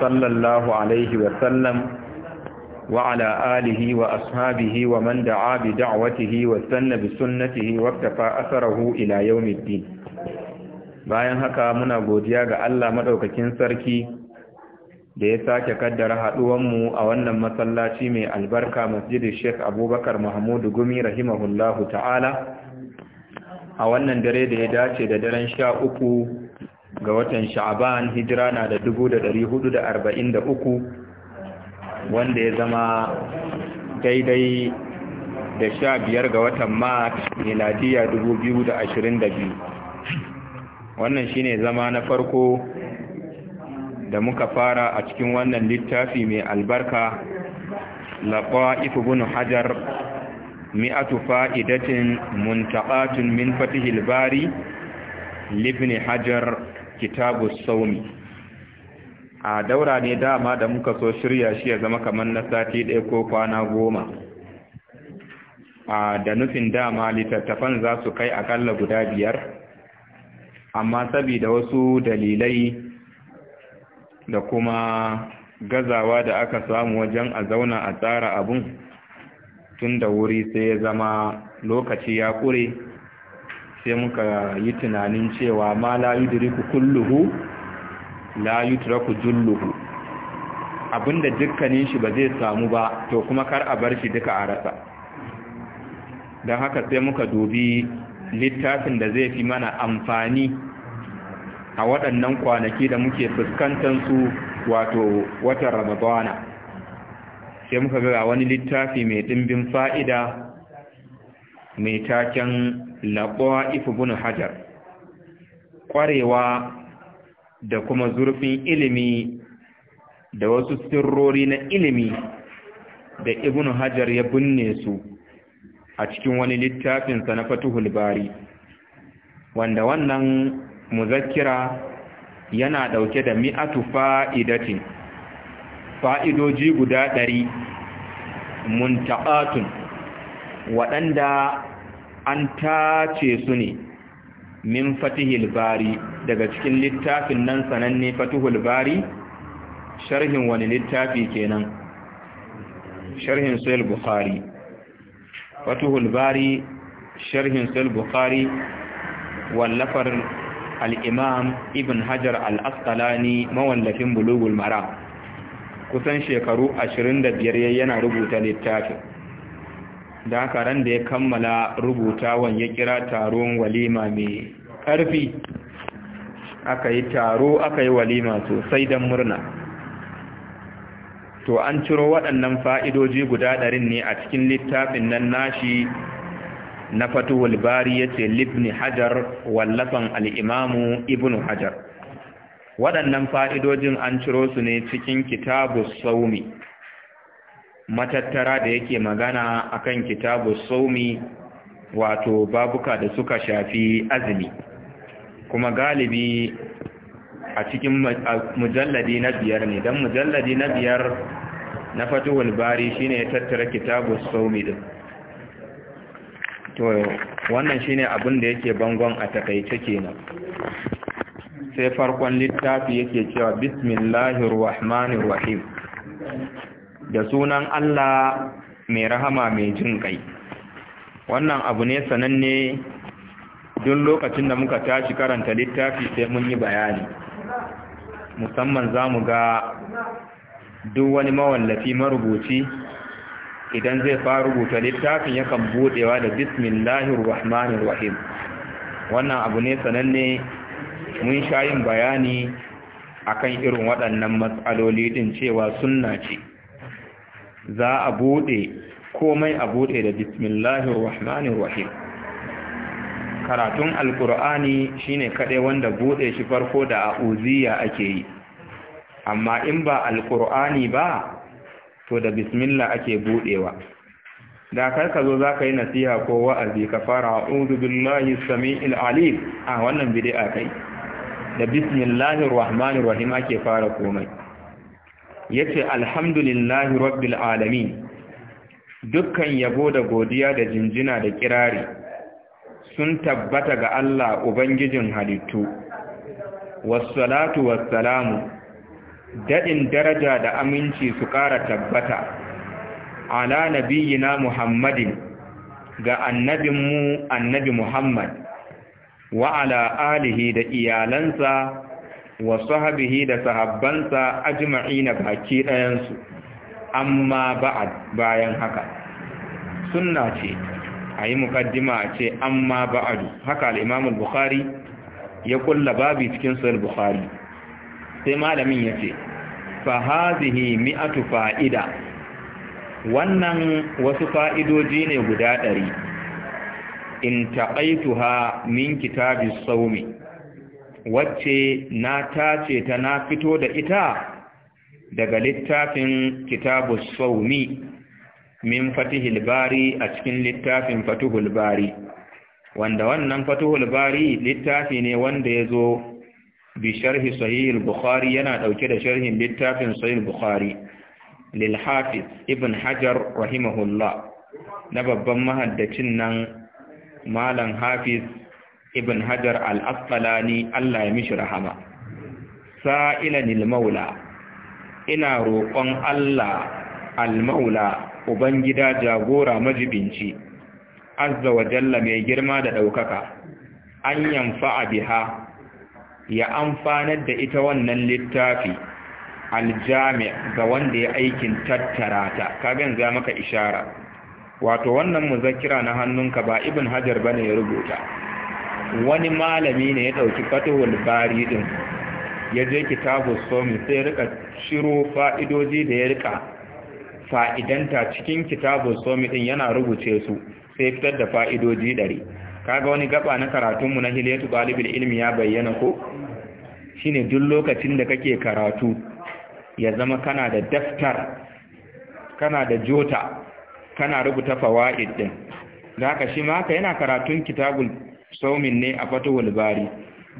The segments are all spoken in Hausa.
صلى الله عليه وسلم وعلى آله وأصحابه ومن دعا بدعوته واستنى بسنته واكتفى أثره إلى يوم الدين bayan haka muna godiya ga Allah madaukakin sarki da ya sake kaddara haduwanmu a wannan masallaci mai albarka masjidin Sheikh Abubakar Mahmud Gumi rahimahullahu ta'ala a wannan dare da ya dace da daren sha uku. ga watan sha'aban hijira na da 443 wanda ya zama daidai da sha biyar ga watan mart miladiya 2022 wannan shine zama na farko da muka fara a cikin wannan littafi mai albarka laƙwa ibn hajar mi'atu fa'idatin muntaqatun min fatihil bari libni hajar kitabu saumi a daura ne dama da muka so shirya shi ya zama kamar na sati ɗaya ko kwana goma a da nufin dama littattafan za su kai akalla guda biyar amma saboda wasu dalilai da kuma gazawa da aka samu wajen a zauna a tsara abun tun da wuri sai ya zama lokaci ya kure sai muka yi tunanin cewa ma la yudriku kulluhu la yutraku julluhu abinda dukkanin shi ba zai samu ba to kuma kar a bar shi duka a rasa don haka sai muka dubi littafin da zai fi mana amfani a waɗannan kwanaki da muke fuskantar su wato watan ramadana sai muka ga wani littafi mai dimbin fa'ida mai taken laqa'if bunu hajar Ƙwarewa, da kuma zurfin ilimi da wasu sirrori na ilimi da ibn hajar ya binne su a cikin wani littafinsa na fatuhul bari wanda wannan muzakkira yana ɗauke da mi'atu fa'idatin fa'idoji guda ɗari muntaɓatun waɗanda an tace su ne min fatihil bari daga cikin littafin nan sananne fatihul bari sharhin wani littafi kenan sharhin sahih bukhari fatihul bari sharhin sahih bukhari wallafar al-imam ibn hajar al-asqalani mawallafin bulugul mara. kusan shekaru 25 yana rubuta littafin da haka ran da ya kammala rubutawan ya kira taron walima mai ƙarfi aka yi taro aka yi walima sosai don murna to an ciro waɗannan fa'idoji guda ɗarin ne a cikin littafin nan nashi na fatuhul bari ya ce libni hajar wallafan al'imamu ibn hajar waɗannan fa'idojin an ciro su ne cikin kitabu saumi matattara da yake magana akan kitabu saumi wato babuka da suka shafi azumi kuma galibi a cikin mujalladi na biyar ne don mujalladi na biyar na fatuhul bari shine ya tattara kitabu saumi din to wannan shine abin da yake bangon a takaice kenan sai farkon littafi yake cewa bismillahir rahmanir rahim da sunan Allah mai rahama mai jin kai wannan abu ne sananne duk lokacin da muka tashi karanta littafi sai mun yi bayani musamman za mu ga duk wani mawallafi marubuci idan zai fara rubuta littafin yakan budewa da bismillahir rahmanir rahim wannan abu ne sananne mun sha yin bayani akan irin waɗannan matsaloli din cewa sunna ce za a bude komai a bude da bismillahir rahmanir rahim karatun alkur'ani shine kadai wanda bude shi farko da a'uziya ake yi amma in ba alkur'ani ba to da bismillah ake budewa da kar ka zo zaka yi nasiha ko wa'azi ka fara a'udhu billahi samiil alim ah wannan bid'a kai da bismillahir rahmanir rahim ake fara komai Ya yace alhamdulillahi rabbil alamin dukkan yabo da godiya da jinjina da kirari sun tabbata ga Allah ubangijin halittu wassalatu wassalamu Daɗin daraja da aminci su ƙara tabbata ala nabiyina muhammadin ga annabinmu annabi muhammad wa ala alihi da iyalansa wa sahabihi da sahabbansa ajma'ina baki ɗayansu amma ba'ad bayan haka sunna ce a yi mukaddima a ce amma ba'adu haka al'imam al-bukhari ya kulla babi cikin sahih bukhari sai malamin ya ce fa mi'atu fa'ida wannan wasu fa'idoji ne guda ɗari in taƙaituha min kitabi saumi wacce na tace ta na fito da ita daga littafin kitabu saumi min fatihul bari a cikin littafin fatihul bari wanda wannan fatihul bari littafi ne wanda ya zo bi sharhi sahihul bukhari yana dauke da sharhin littafin sahihul bukhari lil hafiz ibn hajar rahimahullah na babban mahaddacin nan malam hafiz ibn hajar al ni Allah ya mishi rahama sa'ilanil maula ina roƙon Allah al-maula ubangida jagora majibinci azza wa jalla mai girma da ɗaukaka an a biha ya amfanar da ita wannan littafi aljami ga wanda ya aikin tattara ta kaga za maka ishara wato wannan muzakira na hannunka ba ibn hajar bane ya rubuta wani malami ne ya ɗauki fatihul bari ɗin ya je kitabu somi sai rika shiro fa'idoji da ya rika fa'idanta cikin kitabu somi ɗin yana rubuce su sai fitar da fa'idoji ɗari kaga wani gaba na karatunmu na hiletu ɓalibin ilmi ya bayyana ko Shi ne duk lokacin da kake karatu ya zama kana da daftar kana da jota kana rubuta fawa'id din zaka shi ma yana karatun kitabul saumin ne a fatu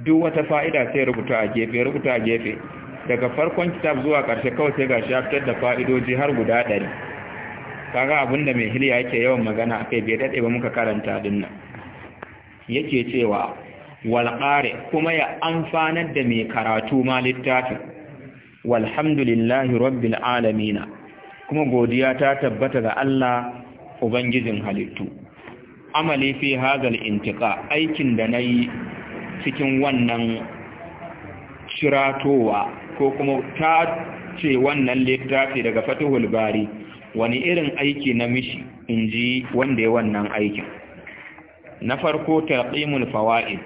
duk wata fa'ida sai rubuta a gefe rubuta a gefe daga farkon kitab zuwa ƙarshe kawai sai ga shaftar da fa'idoji har guda ɗari kaga abin da mai hiliya yake yawan magana kai bai daɗe ba muka karanta dinnan yake cewa walƙare kuma ya amfanar da mai karatu ma littafin walhamdulillahi rabbil alamina kuma godiya ta tabbata ga Allah ubangijin halittu amali fi hazal intiqa aikin da nayi cikin wannan shiratowa ko kuma ta ce wannan littafi daga fatihul bari wani irin aiki na mishi in ji wanda ya wannan aikin na farko taqimul fawaid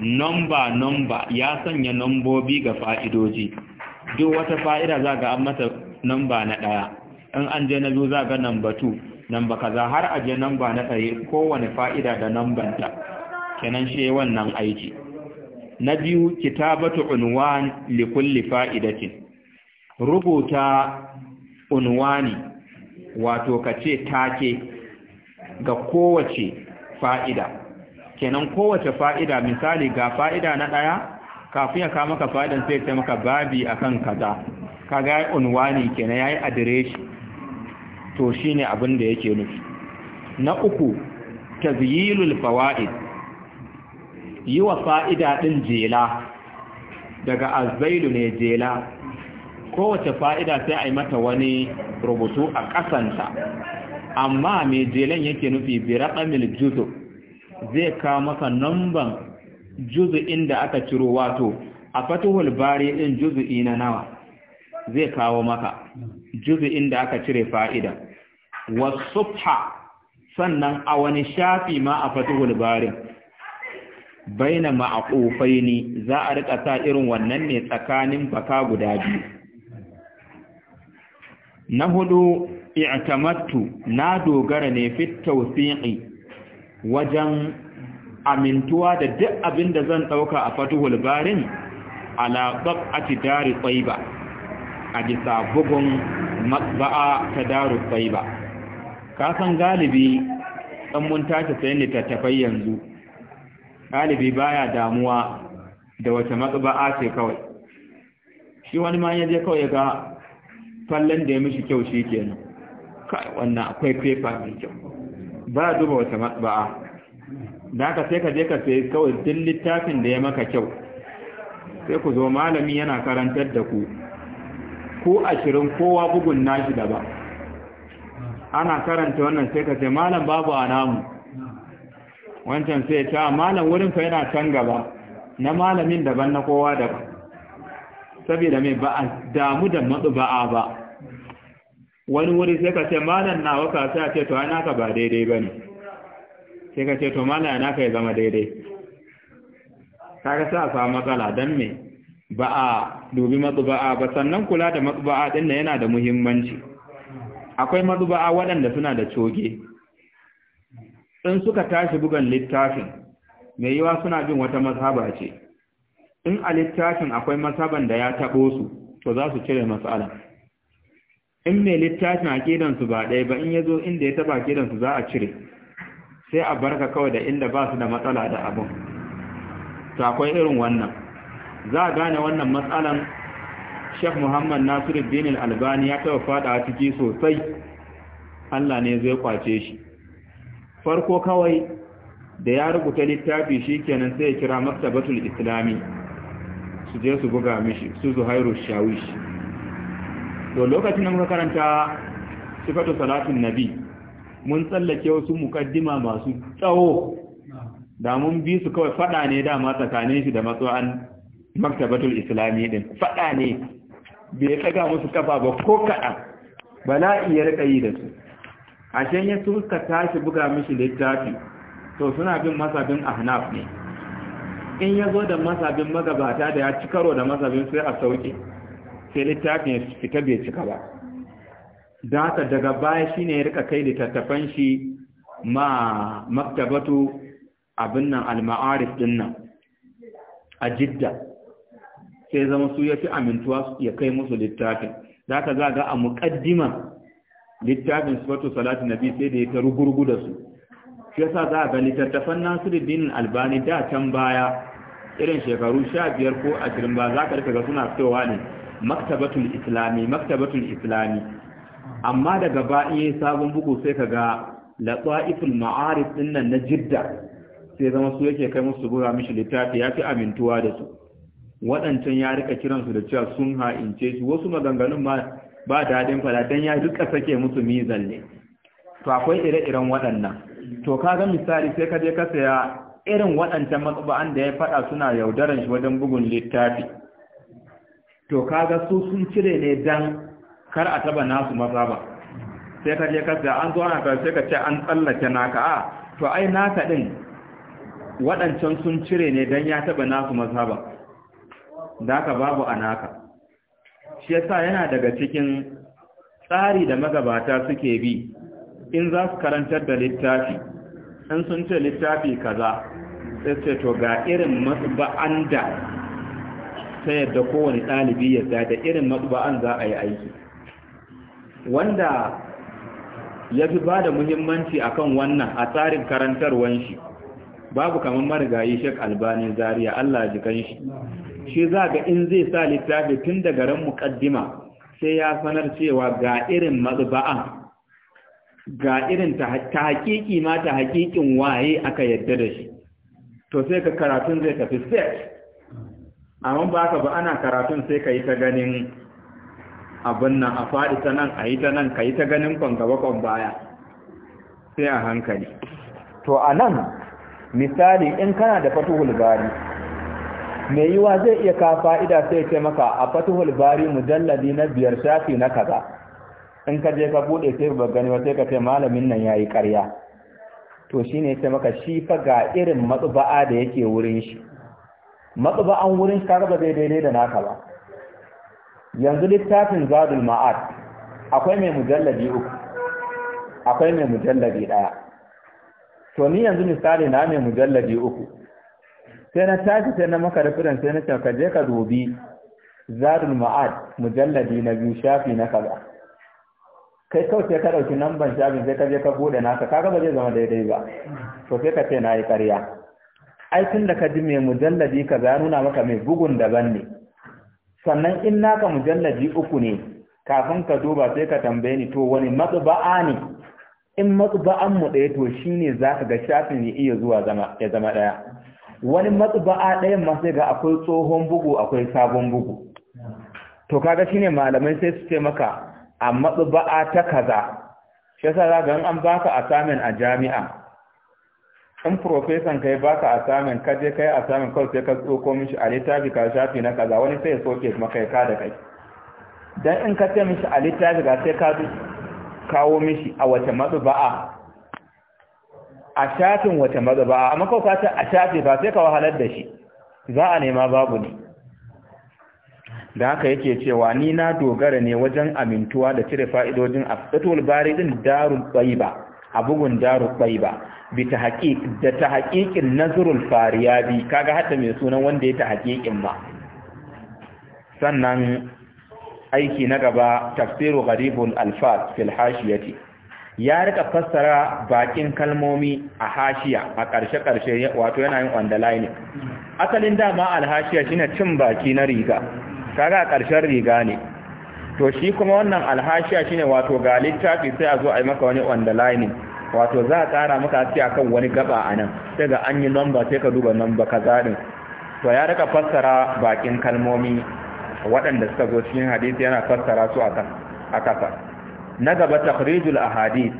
nomba nomba ya sanya nambobi ga fa'idoji duk wata fa'ida za ga an mata nomba na ɗaya in an je na biyu za ga number namba kaza har aje namba na ɗari kowane fa'ida da nambanta kenan shi wannan aiki na biyu kitabatu unwan li kulli fa'idatin rubuta unwani wato kace take ga kowace fa'ida kenan kowace fa'ida misali ga fa'ida na ɗaya kafin ya kama ka fa'idan sai ta maka babi akan kaza kaga unwani kenan yayi adireshi to shi ne abin da yake nufi na uku tazyilul fawaid yi wa fa'ida ɗin jela daga azbailu ne jela kowace fa'ida sai a yi mata wani rubutu a ƙasanta amma mai jelen yake nufi biraɓamil juzo zai kawo maka namban juzo inda aka ciro wato a fatuhul bari ɗin juzo ina nawa zai kawo maka juzo inda aka cire fa'ida wasubha sannan a wani shafi ma a fatuhul barin baina ma'qufaini ne za a rika sa irin wannan ne tsakanin baka guda biyu na hudu i'tamattu na dogara ne fit tawsiqi wajen amintuwa da duk abin da zan dauka a fatuhul barin ala qab'ati dari tayyiba a bisa bugun matba'a ta daru tayyiba ka san galibi ɗan mun tashi sayan tattafai yanzu galibi baya damuwa da wace matsuba'a ce kawai shi wani ma ya je kawai ga fallon da ya mishi kyau shi kenan kai wannan akwai fefa mai kyau ba duba wata matsuba'a da ka sai ka je ka sai kawai duk littafin da ya maka kyau sai ku zo malami yana karantar da ku ko ashirin kowa bugun nashi daban ana karanta wannan sai ka ce malam babu a namu wancan sai ta ah, malam wurin fa yana can gaba na malamin daban na kowa daban saboda mai ba a damu da matsu ba wani wuri sai ka ce malam na waka sai a ce to ana ka ba daidai ba ne sai ka ce to malam ya ka ya zama daidai ga sa sa matsala don me ba a dubi matsu ba sannan kula da a din yana da muhimmanci akwai maduba'a waɗanda suna da coge in suka tashi bugan littafin mai yiwa suna bin wata mazhaba ce in a littafin akwai mazhaban da ya taɓo su to za su cire matsala in mai littafin a akidansu ba ɗaya ba in ya zo inda ya taɓa kedansu za a cire sai a barka kawai da inda ba su da matsala da abin to akwai irin wannan za a gane wannan matsalan Sheikh Muhammad Nasiruddin Al-Albani ya taba fada ciki sosai Allah ne zai kwace shi farko kawai da ya rubuta littafi shikenan sai ya kira Maktabatul Islami su je su buga mishi su Zuhairu Shawishi to lokacin da muka karanta sifatu salatin nabi mun tsallake wasu mukaddima masu tsawo da mun bi su kawai faɗa ne dama tsakanin shi da matsuwan maktabatul islami din fada ne bai kaga musu kafa ba ko kaɗan Bala iya rika yi da su a can ya suka tashi buga mishi littafi to suna bin masabin ahnaf ne in ya zo da masabin magabata da ya ci karo da masabin sai a sauke sai littafin ya fita bai cika ba da haka daga baya shi ne ya rika kai littattafan shi ma maktabatu abin nan al-ma'arif din nan a jidda sai zama su ya fi amintuwa ya kai musu littafin za ka za ga a muƙaddima littafin sifatu salatu nabi sai da ya ta rugurgu da su shi yasa za ga littattafan dinin albani da can baya irin shekaru sha biyar ko ashirin ba za ka rika ga suna fitowa ne maktabatul islami maktabatul islami amma daga ba'iye sabon bugu sai ka ga latsa'iful ma'arif din nan na jidda sai zama su yake kai musu buga mishi littafi ya fi amintuwa da su waɗancan ya rika kiransu da cewa sun ha'ince su wasu maganganun ma ba daɗin fada don ya rika sake musu mizan ne to akwai ire-iren waɗannan to ka ga misali sai ka je ka saya irin waɗancan matsaba'an da ya faɗa suna yaudaran shi wajen bugun littafi to ka ga su sun cire ne dan kar a taba nasu maza ba sai ka je ka saya an zo ana sai ka ce an tsallake naka a to ai naka din waɗancan sun cire ne dan ya taba nasu maza ba da ka babu anaka shi yasa yana daga cikin tsari da magabata suke bi in za su karantar da littafi in sun ce littafi kaza sai to ga irin matsuba'an da ta yadda kowane ɗalibi ya da irin matsuba'an za a yi aiki wanda ya fi ba da muhimmanci akan wannan a tsarin karantarwan shi babu kamar marigayi shek albani zaria allah jikan shi shi za ga in zai sa littafi tun da ran muƙaddima sai ya sanar cewa ga irin matsuba'an ga irin ta hakiki ma ta hakikin waye aka yadda da shi to sai ka karatun zai tafi set amma ba ka ba ana karatun sai ka yi ta ganin abin nan a faɗi ta nan a yi ta nan ka yi ta ganin kwangaba baya sai a hankali to a nan misali in kana da fatuhul bari mai yiwa zai iya ka fa'ida sai ce maka a fatuhul bari mujalladi na biyar shafi na kaza in ka je ka bude sai ba gani ba sai ka ce malamin nan yayi ƙarya to shine sai maka shi fa ga irin matsuba'a da yake wurin shi matsuba'an wurin shi kaga ba daidai da naka ba yanzu littafin zadul ma'ad akwai mai mujalladi uku akwai mai mujalladi daya to ni yanzu misali na mai mujalladi uku sai na tashi sai na maka rufin sai na ce ka je ka dubi zadul ma'ad mujalladi na biyu shafi na kaza kai kawai sai ka dauki namban shafin sai ka je ka bude naka kaga ba zai zama daidai ba to sai ka ce na yi ƙarya ai tun da ka ji mai mujalladi kaza ya nuna maka mai bugun daban ne sannan in naka mujalladi uku ne kafin ka duba sai ka tambaye ni to wani matsuba'a ne in matsuba'an mu ɗaya to shine za ka ga shafin ya iya zuwa ya zama ɗaya wani matsuba'a ɗayan ma sai ga akwai tsohon bugu akwai sabon bugu to kaga shine malamai sai su ce maka a matsuba'a ta kaza shi yasa za ga an baka assignment a jami'a in professor kai baka assignment ka je kai assignment kawai sai ka tsoko mishi a littafi ka shafi na kaza wani sai ya soke maka ya kada kai dan in ka ce mishi a littafi ga sai ka kawo mishi a wace matsuba'a a shafin wata maza amma a ka ce a shafi ba sai ka wahalar da shi za a nema babu ne da haka yake cewa ni na dogara ne wajen amintuwa da cire fa'idojin a fatul bari din darul ba a bugun darul tsayiba bi ta da ta haƙiƙin nazarul fariyabi kaga hata mai sunan wanda ya ta haƙiƙin ma sannan aiki na gaba tafsiru gharibul alfat fil hashiyati ya rika fassara bakin kalmomi a hashiya a ƙarshe-ƙarshe wato yana yin underlining asalin dama alhashiya shine cin baki na riga kaga a ƙarshen riga ne to shi kuma wannan alhashiya shine wato ga littafi sai a zo a yi maka wani underlining wato za a tsara maka sai akan wani gaba a nan sai ga an yi lamba sai ka duba number kaza din to ya rika fassara bakin kalmomi waɗanda suka zo cikin hadisi yana fassara su a kasa na gaba takhrijul ahadith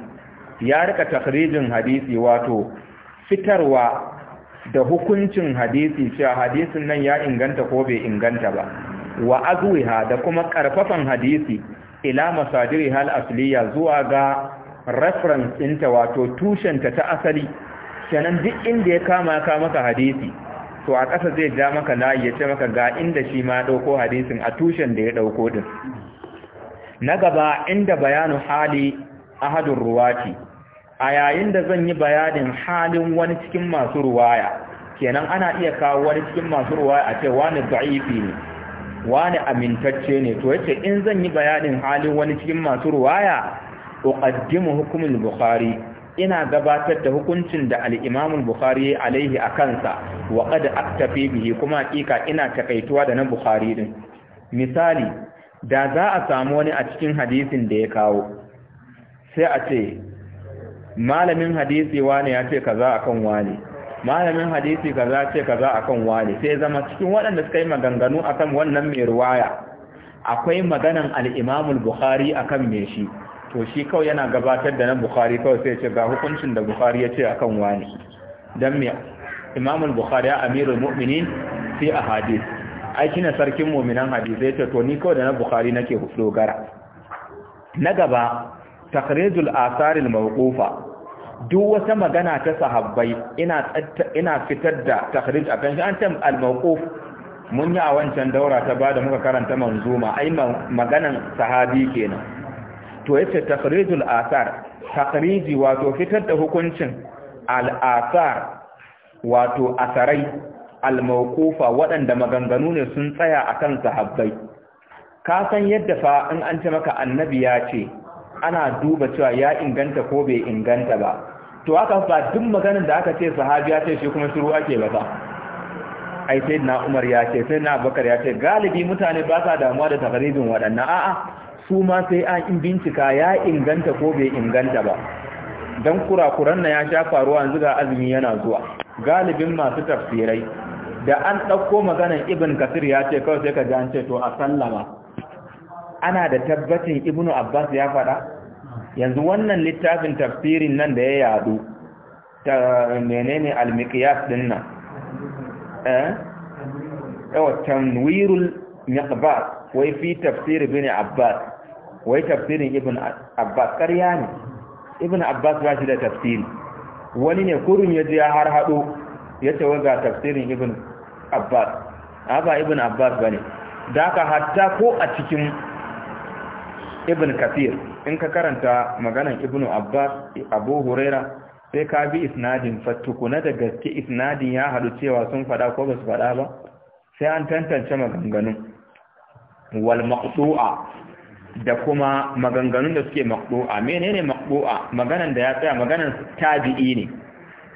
ya rika takhrijin hadisi wato fitarwa da hukuncin hadisi cewa hadisin nan ya inganta ko bai inganta ba wa azwiha da kuma karfafan hadisi ila masadiri hal asliya zuwa ga reference ɗinta wato tushenta ta asali kenan duk inda ya kama ka maka hadisi to a ƙasa zai ja maka layi ya ce maka ga inda shi ma ɗauko hadisin a tushen da ya ɗauko din na gaba inda bayanu hali ahadun ruwati a yayin da zan yi bayanin halin wani cikin masu ruwaya kenan ana iya kawo wani cikin masu ruwaya a ce wani da'ifi ne wani amintacce ne to yace in zan yi bayanin halin wani cikin masu ruwaya uqaddimu hukumul bukhari ina gabatar da hukuncin da al-imam al-bukhari alaihi akansa wa qad aktafi bihi kuma hakika ina takaituwa da na bukhari din misali da za a samu wani a cikin hadisin da ya kawo sai a ce malamin hadisi wane ya ce kaza akan wane malamin hadisi kaza ce kaza akan wane sai zama cikin waɗanda suka yi maganganu akan wannan mai ruwaya akwai maganan al-Imam al-Bukhari akan me shi to shi kawai yana gabatar da na Bukhari kawai sai ce ga hukuncin da Bukhari ya ce akan wani dan me Imam al-Bukhari ya amirul mu'minin a ahadith Aiki na sarkin mu'minan hadisi ta to ni kawai da na bukhari nake dogara na gaba takrijul asarin al mawqufa duk wata magana ta sahabbai ina fitar da a kan shi an tam al mawquf mun yi a wancan daura ta bada muka karanta manzuma ai maganan sahabi kenan to yace takrijul asar takriji wato fitar da hukuncin al asar wato asarai al-mawqufa waɗanda maganganu ne sun tsaya akan sahabbai ka san yadda fa in an ce maka annabi ya ce ana duba cewa ya inganta ko bai inganta ba to haka fa duk maganar da aka ce sahabi ya ce shi kuma shiru ake ba ba ai sai na Umar ya ce sai na Abubakar ya ce galibi mutane ba sa damuwa da takarizin waɗannan a'a su ma sai an bincika ya inganta ko bai inganta ba dan kurakuran na ya sha faruwa yanzu ga azumi yana zuwa galibin masu tafsirai da an ɗauko maganin ibn kasir ya ce kawai sai ka ji an ce to a sallama ana da tabbacin ibn abbas ya faɗa yanzu wannan littafin tafsirin nan da ya yadu ta menene al-miqyas din nan eh yawa tanwirul miqbar wai fi tafsir ibn abbas wai tafsirin ibn abbas ƙarya ne ibn abbas ba shi da tafsiri wani ne kurun ya je har hado ya tawaga tafsirin ibn abbas a ba ibn abbas ba ne da ka hatta ko a cikin ibn Kathir in ka karanta maganan ibn abbas abu huraira sai ka bi isnadin fatukuna da gaske isnadin ya hadu cewa sun faɗa ko basu su faɗa ba sai an tantance maganganun wal maqtu'a da kuma maganganun da suke maqtu'a menene maqtu'a maganan da ya tsaya maganan tabi'i ne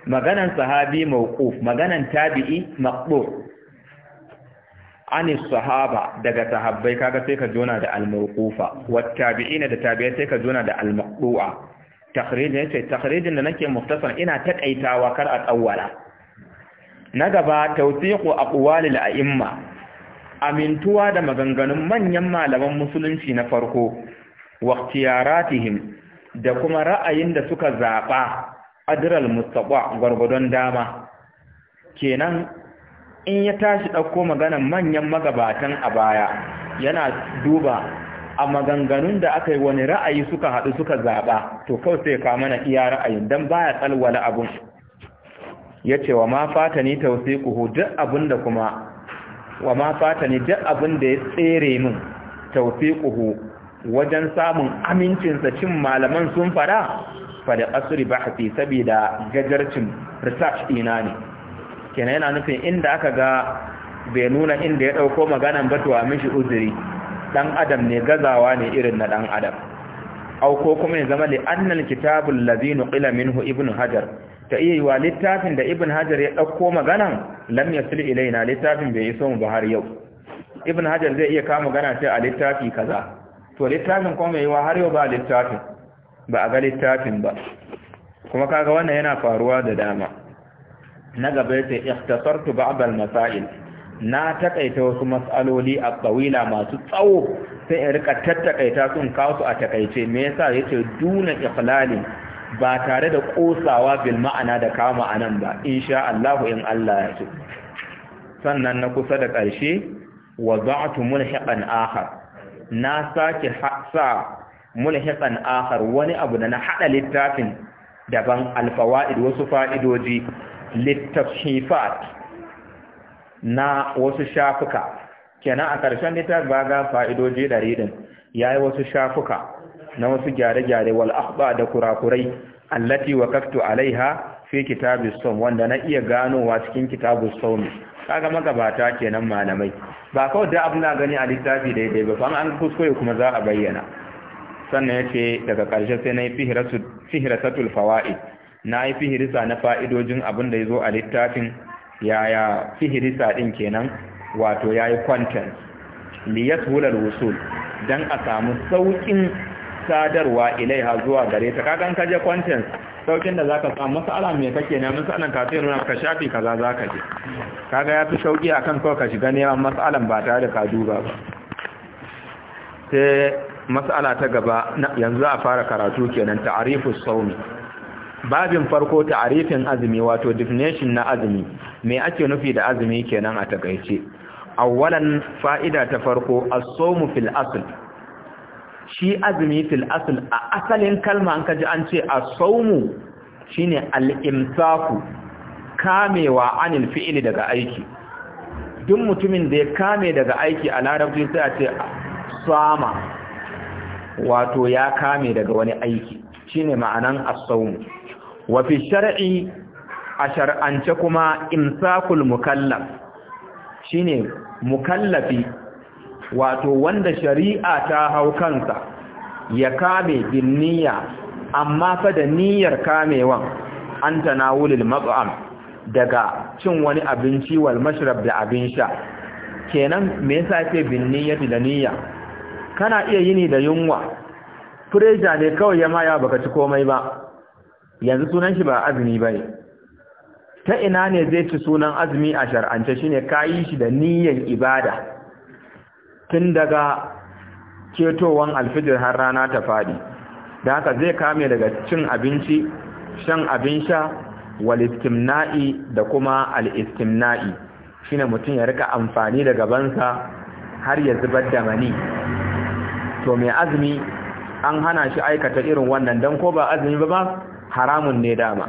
maganan sahabi mawquf maganan tabi'i maqbu ani sahaba daga sahabbai kaga sai ka jona da al-mawqufa wat tabi'ina da tabi'ai sai ka jona da al-maqbu'a takhrijin sai takhrijin da nake muftasar ina takaitawa kar a tsawwala na gaba tawsiqu aqwalil a'imma amintuwa da maganganun manyan malaman musulunci na farko wa ikhtiyaratihim da kuma ra'ayin da suka zaba adiral mustaba gwargwadon dama kenan in ya tashi ɗauko maganan manyan magabatan a baya yana duba a maganganun da aka yi wani ra'ayi suka haɗu suka zaɓa to kawai sai ka mana iya ra'ayin don baya tsalwala abin ya ce wa ma fata ni tausiquhu duk abin da kuma wa ma fata ni duk abin da ya tsere min tausiquhu wajen samun amincinsa cin malaman sun fada fa da asri bahthi saboda gajarcin research dina ne kenan yana nufin inda aka ga bai nuna inda ya dauko maganan ba to a mishi uzuri dan adam ne gazawa ne irin na dan adam au kuma ya zama li'annal kitabul ladhi nuqila minhu ibn hajar ta iya yi wa littafin da ibn hajar ya dauko maganan lam yasil ilaina littafin bai yi mu ba har yau ibn hajar zai iya kama gana ce a littafi kaza to littafin kuma yayi wa har yau ba littafin ba a ga littafin ba kuma kaga wannan yana faruwa da dama na gaba yace ikhtasartu ba'd al-masail na takaita wasu mas'aloli a tsawila masu tsawo sai in rika tattakaita sun kawo a takaice me yasa yace duna ikhlali ba tare da kosawa bil ma'ana da kama anan ba insha Allah in Allah ya ce. sannan na kusa da ƙarshe wa za'tu mulhiqan akhar na sake sa mulhiqan akhar wani abu da na hada littafin daban alfawaid wasu fa'idoji littafhifat na wasu shafuka kenan a ƙarshen littafin ba ga fa'idoji ya yayi wasu shafuka na wasu gyare-gyare wal akhba da kurakurai allati waqaftu alaiha fi kitabis sawm wanda na iya ganowa cikin kitabus sawm kaga magabata kenan malamai ba kawai da abu na gani a littafi daidai ba fa an kuskure kuma za a bayyana sannan ya ce daga ƙarshe sai na yi fihirasatul fawa'i na yi fihirisa na fa'idojin abin da ya zo a littafin yaya fihirisa ɗin kenan wato ya yi content liyas hular wusul don a samu sauƙin sadarwa ilai ha zuwa gare ta kakan kaje content sauƙin da za ka samu matsala mai kake ne matsalan ka sai nuna ka shafi kaza za ka je kaga ya fi sauƙi akan kawai ka shiga neman matsalan ba tare da ka duba ba sai mas'ala ta gaba yanzu a fara karatu kenan ta'rifus sawm babin farko ta'arifin azumi wato definition na azumi me ake nufi da azumi kenan a takaice awwalan fa'ida ta farko as sawm fil asl shi azumi fil asl a asalin kalma an kaji an ce as sawm shine al-imsaku kamewa anil fi'li daga aiki duk mutumin da ya kame daga aiki a larabci sai a ce sama wato ya kame daga wani aiki shine ma'anan as-sawm wa fi shar'i a shar'ance kuma imsakul mukallaf shine mukallafi wato wanda shari'a ta hau kansa ya kame bin niyya amma fa da niyyar kamewan an tanawulil mab'am daga cin wani abinci wal mashrab da abin sha kenan me yasa ce bin niyyati da niyya kana iya yini da yunwa fureja ne kawai ya maya baka ci komai ba yanzu sunan shi ba azumi ba ta ina ne zai ci sunan azumi a shar'ance shine kayi shi da niyyan ibada tun daga cetowan alfijir har rana ta fadi da haka zai kame daga cin abinci shan abin sha walistimna'i da kuma al istimna'i shine mutum ya rika amfani da gabansa har ya zubar da mani to mai azumi an hana shi aikata irin wannan dan ko ba azumi ba ba haramun ne dama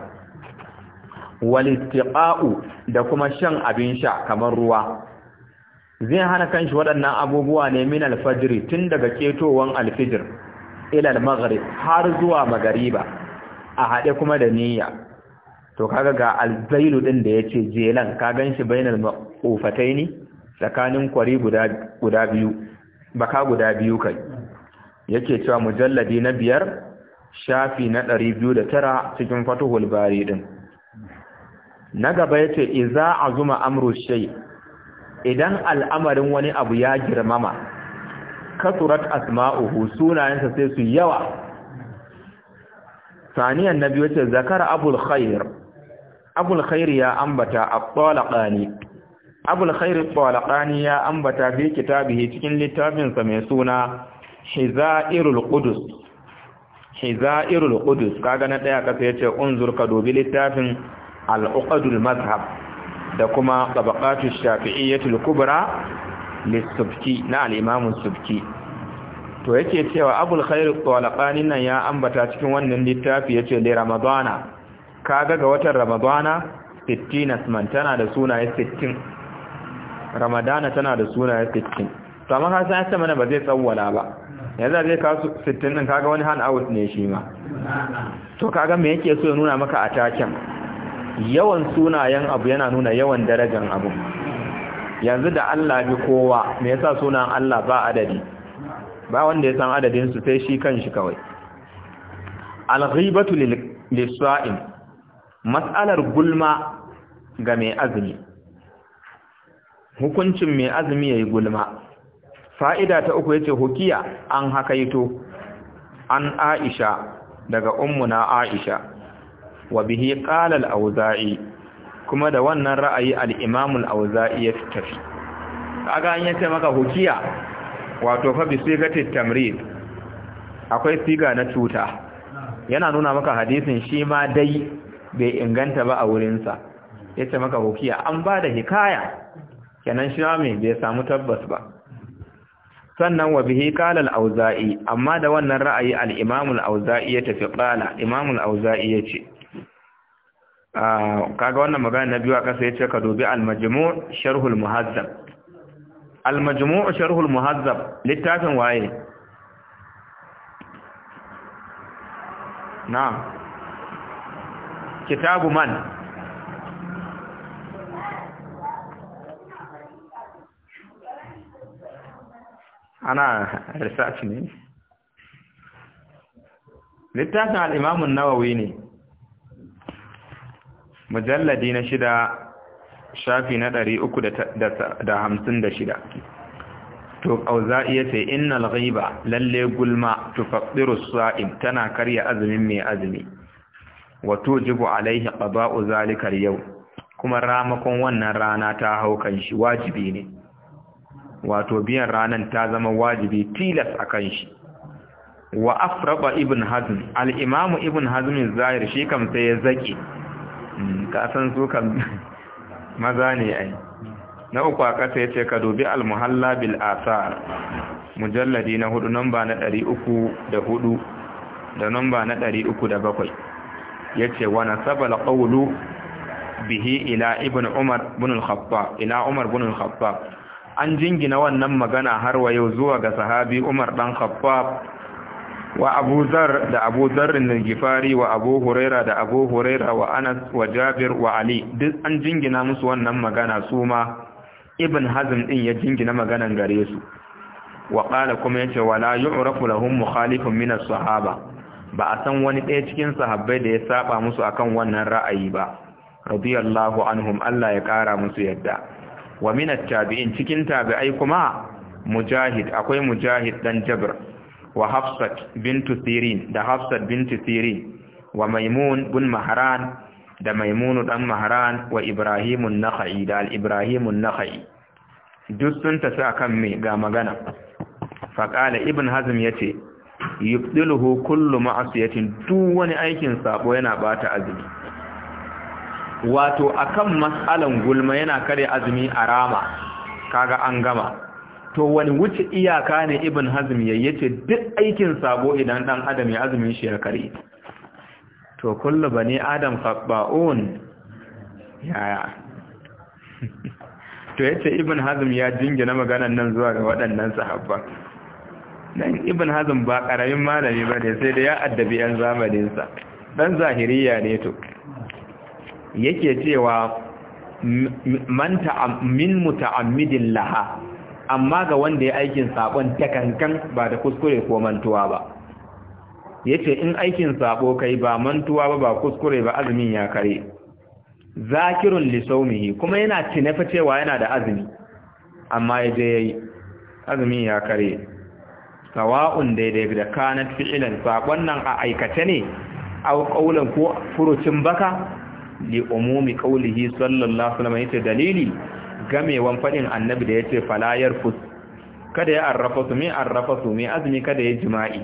walistiqa'u da kuma shan abin sha kamar ruwa zai hana kanshi waɗannan abubuwa ne min alfajiri tun daga ketowan alfijir ilal maghrib har zuwa magariba a haɗe kuma da niyya to kaga ga alzailu din da yace jelan ka ganshi bainal maqufataini tsakanin kwari guda guda biyu baka guda biyu kai yake cewa mujalladi na biyar shafi na ɗari biyu da tara cikin fatuhul bari ɗin na gaba ya ce iza a zuma amru shai idan al'amarin wani abu ya girmama kasurat asma'uhu sunayensa sai su yawa saniyan na biyu ce zakar abul khair abul khair ya ambata a tsalaƙani abul khair ya ambata fi kitabihi cikin littafinsa mai suna hizairul qudus hizairul qudus kaga na daya kasa yace unzur ka dubi littafin al-uqadul mazhab da kuma tabaqatu shafi'iyyatul kubra lisubki na al-imam subki to yake cewa abul khair talaqani nan ya ambata cikin wannan littafi yace li ramadana kaga ga watan ramadana 60 man tana da sunaye 60 ramadana tana da sunaye 60 to amma ka san mana ba zai tsawwala ba yanzu zai kasu sittin din kaga wani hand out ne shi ma to kaga me yake so ya nuna maka a taken yawan sunayen abu yana nuna yawan darajar abu yanzu da Allah bi kowa me yasa sunan Allah ba adadi ba wanda ya san adadin su sai shi kanshi kawai al-ghibatu lis-sa'im mas'alar gulma ga mai azumi hukuncin mai azumi yayi gulma fa'ida ta uku yace hukiya an hakaito an Aisha daga ummuna Aisha wa bihi qala auzai kuma da wannan ra'ayi al-Imam al-Auza'i ya tafi kaga an yace maka hukiya wato fa bi ga tamrid akwai siga na cuta yana nuna maka hadisin shi ma dai bai inganta ba a wurinsa yace maka hukiya an ba da hikaya kenan shi ma bai samu tabbas ba sannan wa bihi qala auzai amma da wannan ra'ayi al-imam auzai ya tafi qala imam al-auza'i yace ah, kaga wannan magana na biyu a kasa ya yace ka dubi al-majmu' sharh al-muhazzab al-majmu' sharh al-muhazzab littafin waye na'am kitabu man ana research ne littafin al'imamun nawawi ne mujalladi na shida shafi na ɗari uku da hamsin da shida to ƙauza iya ce innal ghaiba lalle gulma tufaffiru sa'im tana karya azumin mai azumi wato jibu alaihi ƙaba'u zalikar yau kuma ramakon wannan rana ta haukan shi wajibi ne wato biyan ranan ta zama wajibi tilas a kan shi wa afraba ibn hazm al-imamu ibn hazm zahir shi kam sai ya zaki hmm, ka san su kam maza ne ai na uku a ƙasa ya ce ka dubi al-muhalla bil asar mujalladi na hudu namba na ɗari uku da hudu da namba na ɗari uku da bakwai ya ce wa nasaba al-qawlu bihi ila ibn umar ibn al-khattab ila umar ibn al-khattab an jingina wannan magana har wa yau zuwa ga sahabi Umar dan Khattab wa Abu Zar da Abu Zar al wa Abu Huraira da Abu Huraira wa Anas wa Jabir wa Ali duk an jingina musu wannan magana su ma Ibn Hazm din ya jingina maganan gare su wa qala kuma yace wala yu'rafu lahum mukhalifun min as-sahaba ba a san wani ɗaya cikin sahabbai da ya saba musu akan wannan ra'ayi ba radiyallahu anhum Allah ya kara musu yadda wa minat tabi'in cikin tabi'ai kuma mujahid akwai mujahid dan jabr wa hafsat bintu sirin da hafsat bintu sirin wa maimun bin mahran da maimunu dan mahran wa ibrahimun nakhai da al-ibrahimun nakhai duk sun tafi kan me ga magana faqala ibn hazm yace yubdiluhu kullu ma'asiyatin duk wani aikin sabo yana bata azumi wato akan matsalan gulma yana kare azumi a rama kaga an gama to wani wuce iyaka ne ibn hazm yayyace duk aikin sabo idan dan adam ya azumin shi ya kare to kullu bani adam khabba'un yaya to yace ibn hazm ya jingina maganan nan zuwa ga waɗannan sahabba dan ibn hazm ba karamin malami bane sai da ya addabi yan zamaninsa dan zahiriya ne to yake cewa man min muta'ammidin laha amma ga wanda ya aikin sabon takankan ba da kuskure ko mantuwa ba yace in aikin sabo kai ba mantuwa ba ba kuskure ba azumin ya kare zakirun li saumihi kuma yana tinafa cewa yana da azumi amma ya yayi azumin ya kare sawa'un daidai da kanat fi'ilan sabon nan a aikace ne au qaulan ko furucin baka li umumi qawlihi sallallahu alaihi wasallam yace dalili gamewan fadin annabi da yace fala yarfus kada ya arrafa su me arrafa su me azumi kada ya jima'i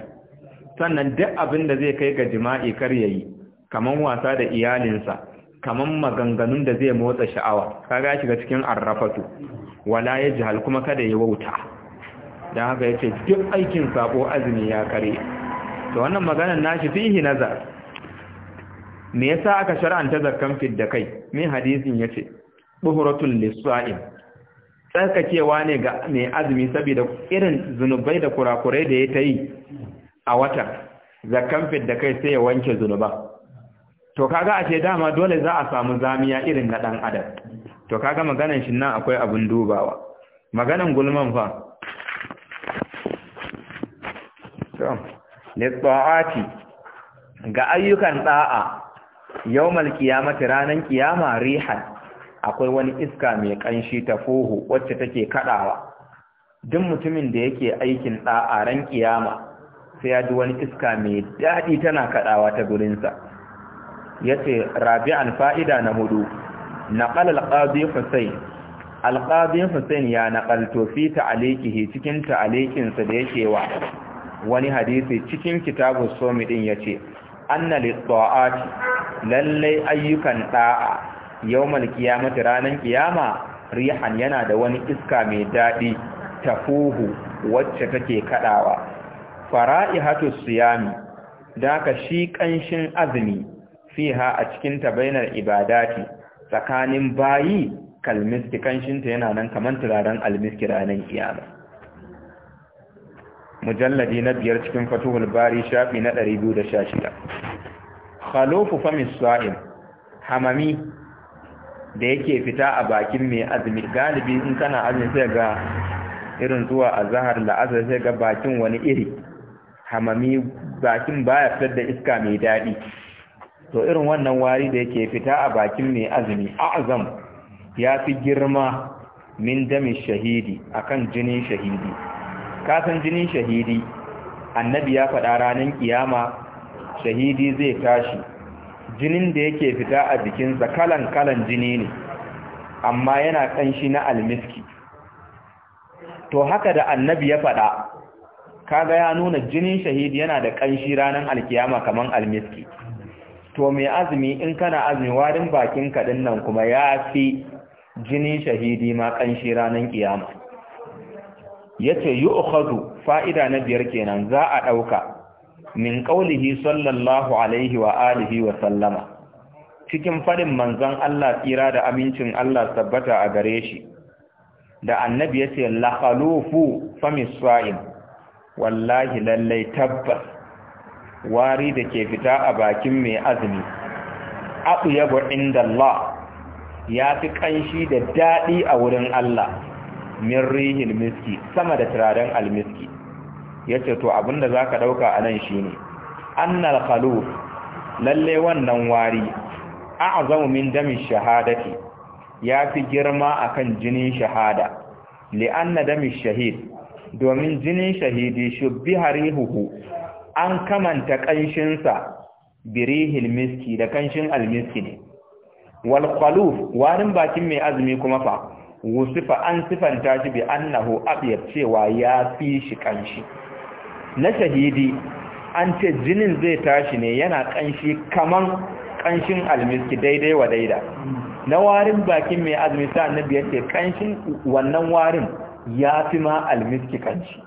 sannan duk abin da zai kai ga jima'i kar yayi kaman wasa da iyalinsa kaman maganganun da zai motsa sha'awa kaga shiga cikin arrafatu wala ya jihal kuma kada ya wauta dan haka yace duk aikin sabo azumi ya kare to wannan maganar nashi fihi nazar me yasa aka shar'anta zakkan fidda kai me hadisin yace buhuratul lisa'im tsarkakewa ne ga mai azumi saboda irin zunubai da kurakurai da ya ta yi a wata zakkan fidda kai sai ya wanke zunuba to kaga a ce dama dole za a samu zamiya irin na dan adam to kaga maganan shi nan akwai abin dubawa maganan gulman fa to ga ayyukan da'a yawmal qiyamati ranan kiyama rihan akwai wani iska mai kanshi ta fuhu wacce take kadawa duk mutumin da yake aikin ɗa'a ran kiyama sai ya ji wani iska mai dadi tana kadawa ta gurin sa yace rabi'an fa'ida na hudu naqala al-qadi husayn al-qadi husayn ya naqalto fi ta'liqihi cikin ta'liqinsa da yake wa wani hadisi cikin kitabus sumi din yace anna lit-ta'ati lalle ayyukan da'a yawmal qiyamati ranan kiyama rihan yana da wani iska mai dadi tafuhu wacce take kadawa fara'ihatu siyami daka shi kanshin azumi fiha a cikin ta bainar ibadati tsakanin bayi kalmiski ƙanshinta yana nan kamar turaren almiski ranan kiyama mujalladi na biyar cikin fatuhul bari shafi na shida. khalofu famis sa'im hamami da yake fita a bakin mai azumi galibi in kana azumi sai ga irin zuwa azhar la'azhar sai ga bakin wani iri hamami bakin baya fitar da iska mai daɗi to irin wannan wari da yake fita a bakin mai azumi a'zam ya fi girma min damin shahidi akan jinin shahidi kasan jinin shahidi annabi ya faɗa ranar kiyama shahidi zai tashi jinin da yake fita a jikinsa kalan kalan jini ne amma yana ƙanshi na almiski to haka da annabi ya faɗa kaga ya nuna jinin shahidi yana da ƙanshi ranar alkiyama kaman almiski to mai azumi in kana azumi warin bakin kaɗin nan kuma ya fi jinin shahidi ma ƙanshi ranar kiyama yace yu'khadhu fa'ida na biyar kenan za a ɗauka. min qaulihi sallallahu alaihi wa alihi wa sallama cikin faɗin manzon Allah tsira da amincin Allah tabbata a gare shi da annabi yace la khalufu famiswa'in wallahi lallai tabbas wari da ke fita a bakin mai azumi abu yabo inda Allah ya fi kanshi da daɗi a wurin Allah min rihil miski sama da turaren almiski yace to abinda zaka dauka anan shine annal khaluf lalle wannan wari a'zamu min dami shahadati ya fi girma akan jinin shahada li'anna dami shahid domin jinin shahidi shubbiharihu an kamanta ƙanshinsa birihil miski da kanshin almiski ne wal khaluf warin bakin mai azumi kuma fa Wusifa, an sifanta shi bi annahu abyad cewa ya fi shi kanshi na shahidi an ce jinin zai tashi ne yana kanshi kaman kanshin almiski daidai wa daida na warin bakin mai azumi sa annabi ce kanshin wannan warin ya fi ma almiski kanshi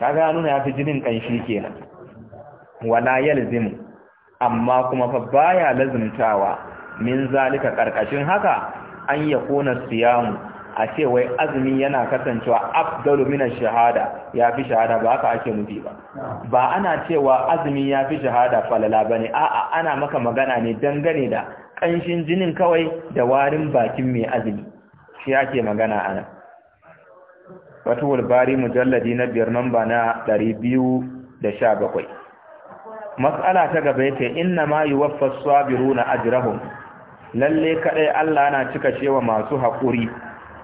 kaga nuna ya fi jinin kanshi kenan wala yalzimu amma kuma fa baya lazumtawa min zalika karkashin haka an ya kona siyamu a ce wai azumi yana kasancewa afdalu min shahada ya fi shahada ba haka ake mutu ba ba ana cewa azumi ya fi shahada falala bane a'a ana maka magana ne dangane da kanshin jinin kawai da warin bakin mai azumi shi yake magana ana fatuwar bari mujalladi na biyar namba na 217 mas'ala ta gaba yace inna ma yuwaffas sabiruna ajrahum lalle kaɗai Allah yana cika cewa masu haƙuri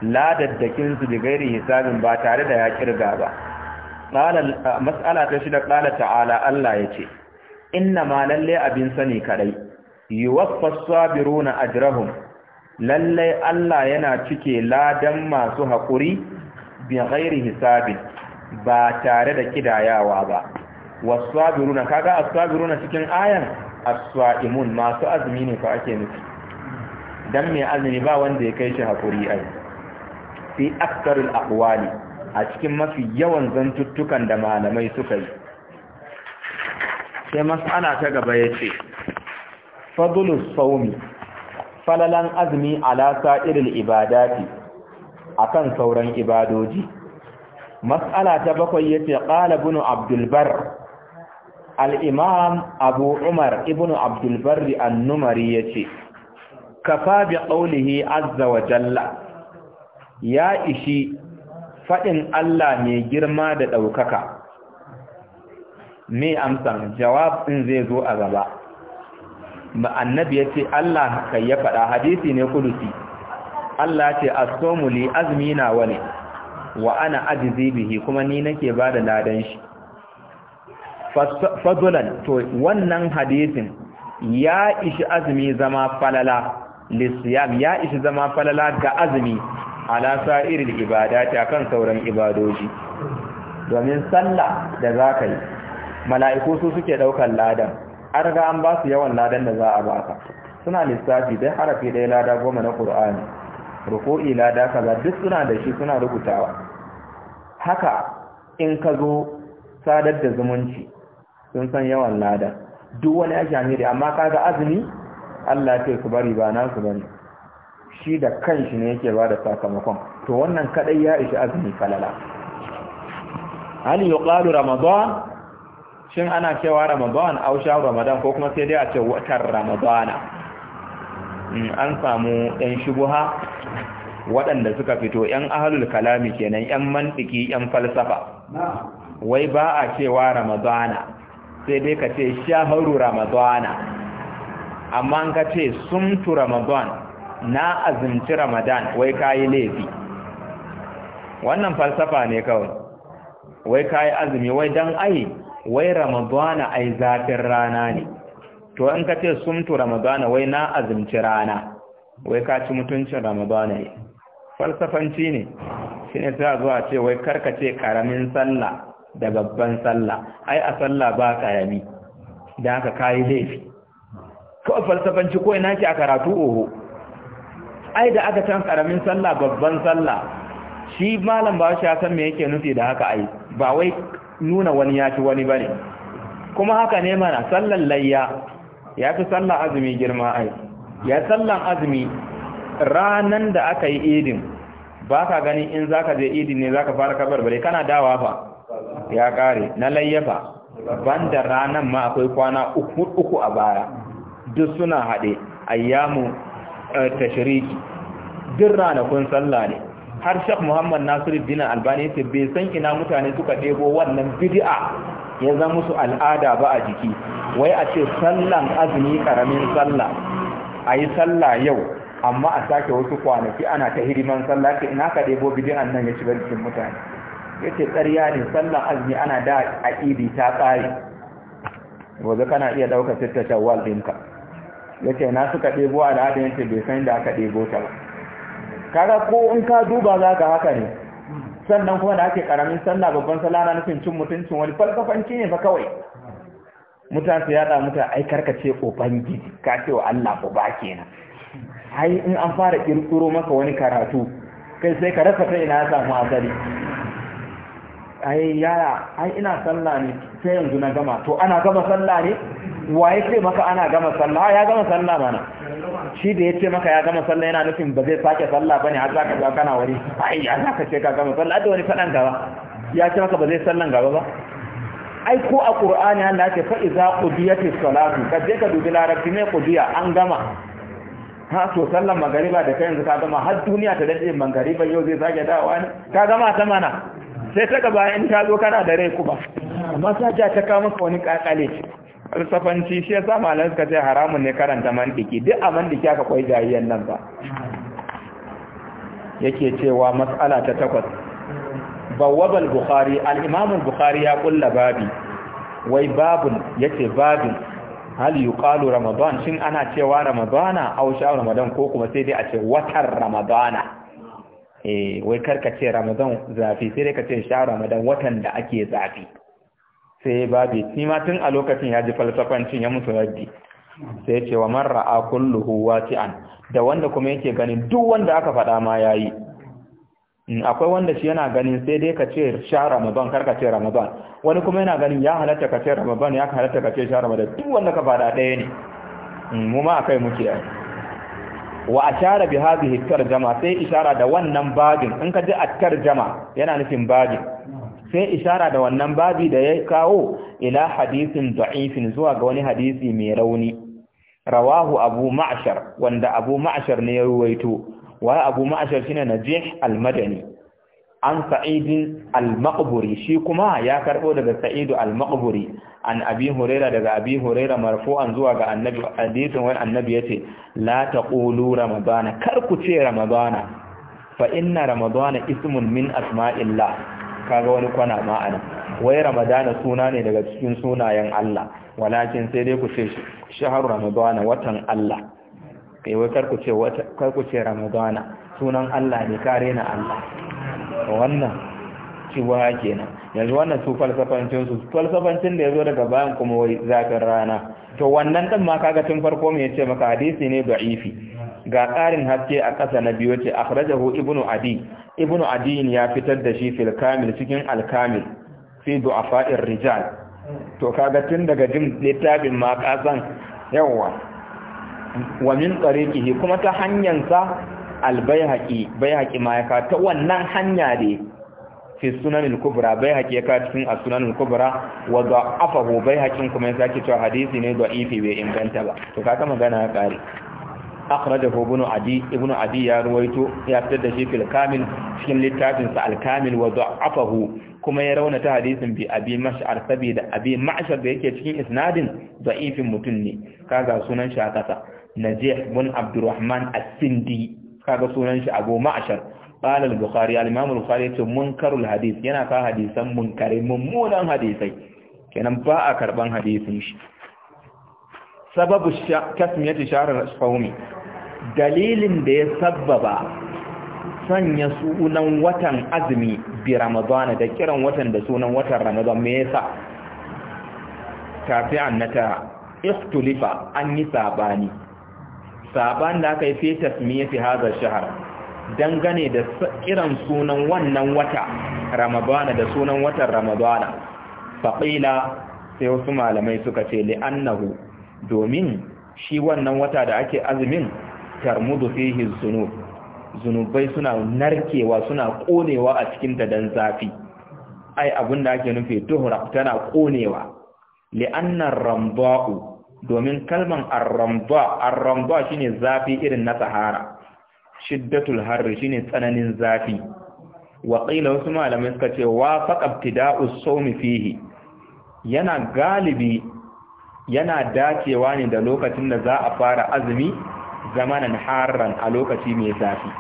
ladaddakin su da gairin hisabin ba tare da ya kirga ba mas'ala ta shida qala ta'ala Allah yace inna ma lalle abin sani kadai yuwaffas sabiruna ajrahum lalle Allah yana cike ladan masu haƙuri bi gairi hisabin ba tare da kidayawa ba wasabiruna kaga as na cikin ayan as masu azumi ne fa ake nufi dan mai azumi ba wanda ya kai shi hakuri ai fi aktarul aqwali a cikin mafi yawan zantuttukan da malamai suka yi sai mas'ala ta gaba yace Fadulus sawmi falalan azumi ala sa'iril ibadati akan sauran ibadoji mas'ala ta bakwai yace qala ibn abdul bar imam abu umar ibn abdul bar an-numari yace kafa bi qaulihi azza wa jalla ya ishi fadin Allah ne girma da daukaka me amsa, jawab din zai zo a gaba ba annabi yace Allah kai ya fada hadisi ne kudusi Allah ce as-sawmu li azmina na wani wa ana ajzi bihi kuma ni nake bada ladan shi fadlan to wannan hadisin ya ishi azumi zama falala lissiyam ya isi zama falala ga azumi a ala irin ibadati akan sauran ibadoji domin sallah da za ka yi mala'iku su suke ɗaukar ladan an ga an ba su yawan ladan da za a baka suna lissafi don harafi ɗaya lada goma na ƙur'ani ruku'i lada kaza duk suna da shi suna rubutawa haka in ka zo sadar da zumunci sun san yawan ladan duk wani ake amiri amma kaga azumi Allah ce su bari ba nasu bane shi da kanshi ne yake bada sakamakon to wannan kadai ya ishi azumi falala hal yuqalu ramadan shin ana cewa ramadan au sha ramadan ko kuma sai dai a ce watan ramadana hmm, an samu ɗan shubuha waɗanda suka fito ‘yan ahalul kalami kenan ‘yan mantiki ‘yan falsafa wai ba a cewa ramadana sai dai ka ce shaharu ramadana amma an ka ce sumtu ramadan na azumci ramadan wai kayi laifi wannan falsafa ne kawai wai kayi azumi wai dan ai wai ramadan ai zafin rana ne to in ka ce sumtu ramadan wai na azumci rana wai ka ci mutuncin ramadan ne falsafanci ne shi ne sai zuwa ce wai karkace karamin sallah da babban sallah ai a sallah ba kayami da haka kayi laifi kawai falsafanci ko ina ki a karatu oho ai da aka can karamin sallah babban sallah shi malam ba shi san me yake nufi da haka ai ba wai nuna wani ya ci wani bane kuma haka ne mana sallan layya ya fi sallan azumi girma ai ya sallan azumi ranan da aka yi idin ba ka gani in za ka je idin ne za ka fara kabar bare kana dawa fa ya kare na layya layyafa banda ranan ma akwai kwana uku uku a baya duk suna haɗe ayyamu eh, tashiriki duk ranakun sallah ne har shek muhammad nasiruddin albani ce bai san ina mutane suka ɗebo wannan bid'a ya zama musu al'ada ba a jiki wai a ce sallan azumi karamin sallah a yi sallah yau amma a sake wasu kwanaki ana ta hidiman sallah ta ina ka ɗebo bidi'an nan ya shiga cikin mutane ya ce tsariya ne sallan azumi ana da a ta tsari wanzu kana iya ɗaukar tattashawar ɗinka ya ce na suka ɗebo al'ada ya bai san da aka ɗebo ta ba kaga ko in ka duba za ka haka ne sannan kuma da ake karamin sallah babban sallah na nufin cin mutuncin wani falsafanci ne fa kawai mutane su yada muta ai karkace ubangiji ka ce wa Allah ko ba kenan ai in an fara kirkiro maka wani karatu kai sai ka rasa ta ina samu asali ai yaya ai ina sallah ne sai yanzu na gama to ana gama sallah ne wa yake maka ana gama sallah ya gama sallah mana shi da ya ce maka ya gama sallah yana nufin ba zai sake sallah bane har zaka ga kana wari ai ya zaka ce ka gama sallah da wani fadan gaba ya ce maka ba zai sallan gaba ba ai ko a qur'ani Allah ce fa iza qudiyatis salatu ka je ka dubi larabci ne qudiya an gama ha to sallan magariba da kai yanzu ka gama har duniya ta dace magariba yau zai sake dawa ne ka gama ta mana sai ta gaba in ka zo kana da rai kuma amma sai ta kawo maka wani kakale falsafanci shi yasa malamai suka ce haramun ne karanta mantiki duk a mantiki aka kwai jayayyan nan ba yake cewa matsala ta takwas bawwabal bukhari al bukhari ya kulla babi wai babin yace babin hal yuqalu ramadan shin ana cewa ramadana a sha ramadan ko kuma sai dai a ce watan ramadana eh wai karka ce ramadan zafi sai dai ka ce sha ramadan watan da ake zafi sai bi ni ma tun a lokacin ya ji falsafancin ya musu raddi sai ce wa man ra'a kulluhu wati'an da wanda kuma yake ganin duk wanda aka faɗa ma yayi akwai wanda shi yana ganin sai dai ka ce sha ramadan karka ce ramadan wani kuma yana ganin ya halatta ka ce ramadan ya halatta ka ce sha ramadan duk wanda ka faɗa ɗaya ne mu ma akai muke ai wa ashara bi hadhihi tarjama sai isara da wannan babin in ka ji at-tarjama yana nufin babin sai ishara da wannan babi da ya kawo ila hadisin da'ifin zuwa ga wani hadisi mai rauni rawahu abu ma'ashar wanda abu ma'ashar ne ya ruwaito wa abu ma'ashar shine najih al-madani an sa'idin al-maqburi shi kuma ya karbo daga sa'idu al-maqburi an abi huraira daga abi huraira marfu'an zuwa ga annabi hadisin wani annabi yace la taqulu ramadana kar ku ce ramadana fa inna ramadana ismun min asma'illah kaga wani kwana ma anan wai ramadana suna ne daga cikin sunayen Allah walakin sai dai ku ce shahar ramadana watan Allah kai eh, wai kar ku ce kar ku ce ramadana sunan Allah ne kare na Allah wannan cewa kenan yanzu wannan su falsafancin su falsafancin da yazo daga bayan kuma wai zafin rana to wannan din ma kaga tun farko me yace maka hadisi ne da'ifi ga ƙarin haske a ƙasa na biyu ce akhrajahu ibnu adi ibnu adi ya fitar da shi fil kamil cikin al kamil fi du'afa'ir rijal to kaga tun daga jin littafin ma kasan wa min tariqihi kuma ta hanyar sa al bayhaqi bayhaqi ma ya ta wannan hanya ne fi sunanil kubra bai haƙi ya cikin a sunanil kubra wa da bai kuma ya cewa hadisi ne da ifi bai inganta ba to kaga magana ya kare akhrajahu ibn adi ibnu adi ya ruwaito ya fitar da shi fil kamil cikin littafin sa al kamil wa da'afahu kuma ya raunata hadisin bi abi mash'ar sabida abi mash'ar da yake cikin isnadin da'ifin mutun ne kaga sunan shi kasa najih bin abdurrahman as-sindi kaga sunan shi abu mash'ar قال البخاري الامام البخاري منكر الحديث yana ka hadisan munkare mummunan hadisai kenan ba a karban hadisin shi sababu kasmiyati shahrar faumi dalilin da ya sabbaba sanya sunan watan azumi bi ramadana da kiran watan da sunan watan ramadana me yasa tafi annata ikhtulifa an yi sabani sabani da aka yi fi tasmiyati hadha shahar dangane da kiran sunan wannan wata ramadana da sunan watan ramadana faɓila sai wasu malamai suka ce li'annahu domin shi wannan wata da ake azumin tarmudu fihi zunub zunubai suna narkewa suna konewa a cikin ta dan zafi ai abin da ake nufi tuhra tana konewa Li'annan ramba'u domin kalman ar-ramba ar-ramba shine zafi irin na sahara shiddatul harri shine tsananin zafi wa qila wasu malamai suka ce wa faqabtida'us sawmi fihi yana galibi yana dacewa ne da lokacin da za a fara azumi zamanin harran a lokaci mai zafi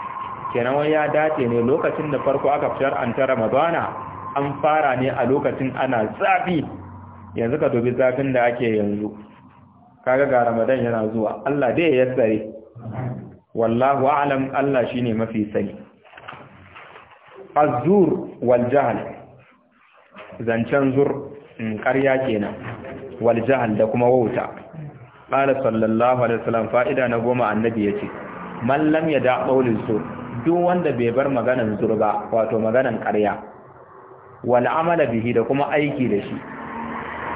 kenan wani ya dace ne lokacin da farko aka fitar an ta ramadana an fara ne a lokacin ana zafi yanzu ka dubi zafin da ake yanzu kaga ga ramadan yana zuwa Allah dai ya tsare wallahu a'lam Allah shine mafi sani az-zur wal jahl zancan zur in mm, ƙarya kenan wal da kuma wauta qala sallallahu alaihi wasallam fa'ida na goma annabi yace man lam yada qawlin su duk wanda bai bar maganan zurba wato maganan ƙarya wal amala bihi da kuma aiki da shi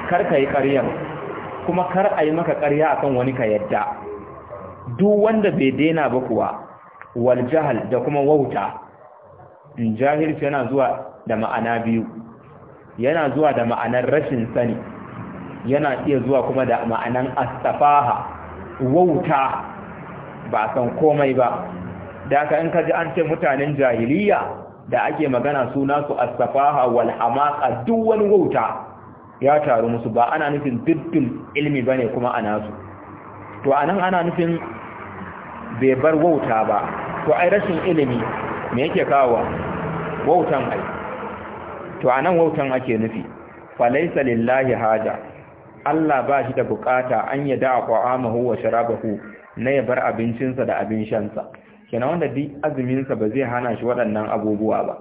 kar kai ƙaryan kuma kar a yi maka ƙarya akan wani ka yadda duk wanda bai daina ba kuwa wal jahal da kuma wauta jahilci yana zuwa da ma'ana biyu yana zuwa da ma'anar rashin sani yana iya zuwa kuma da ma'anan astafaha wauta ba san komai ba da ka in kaji an ce mutanen jahiliya da ake magana suna su astafaha wal hamaka duk wani wauta ya taru musu ba ana nufin diddul ilmi bane kuma a nasu, to anan ana nufin bai bar wauta ba to ai rashin ilimi me yake kawo wautan ai to anan wautan ake nufi falaisa lillahi haja Allah ba shi da bukata an ya da'a qa'amahu wa sharabahu na ya bar abincinsa da abin shansa kenan wanda duk azuminsa ba zai hana shi waɗannan abubuwa ba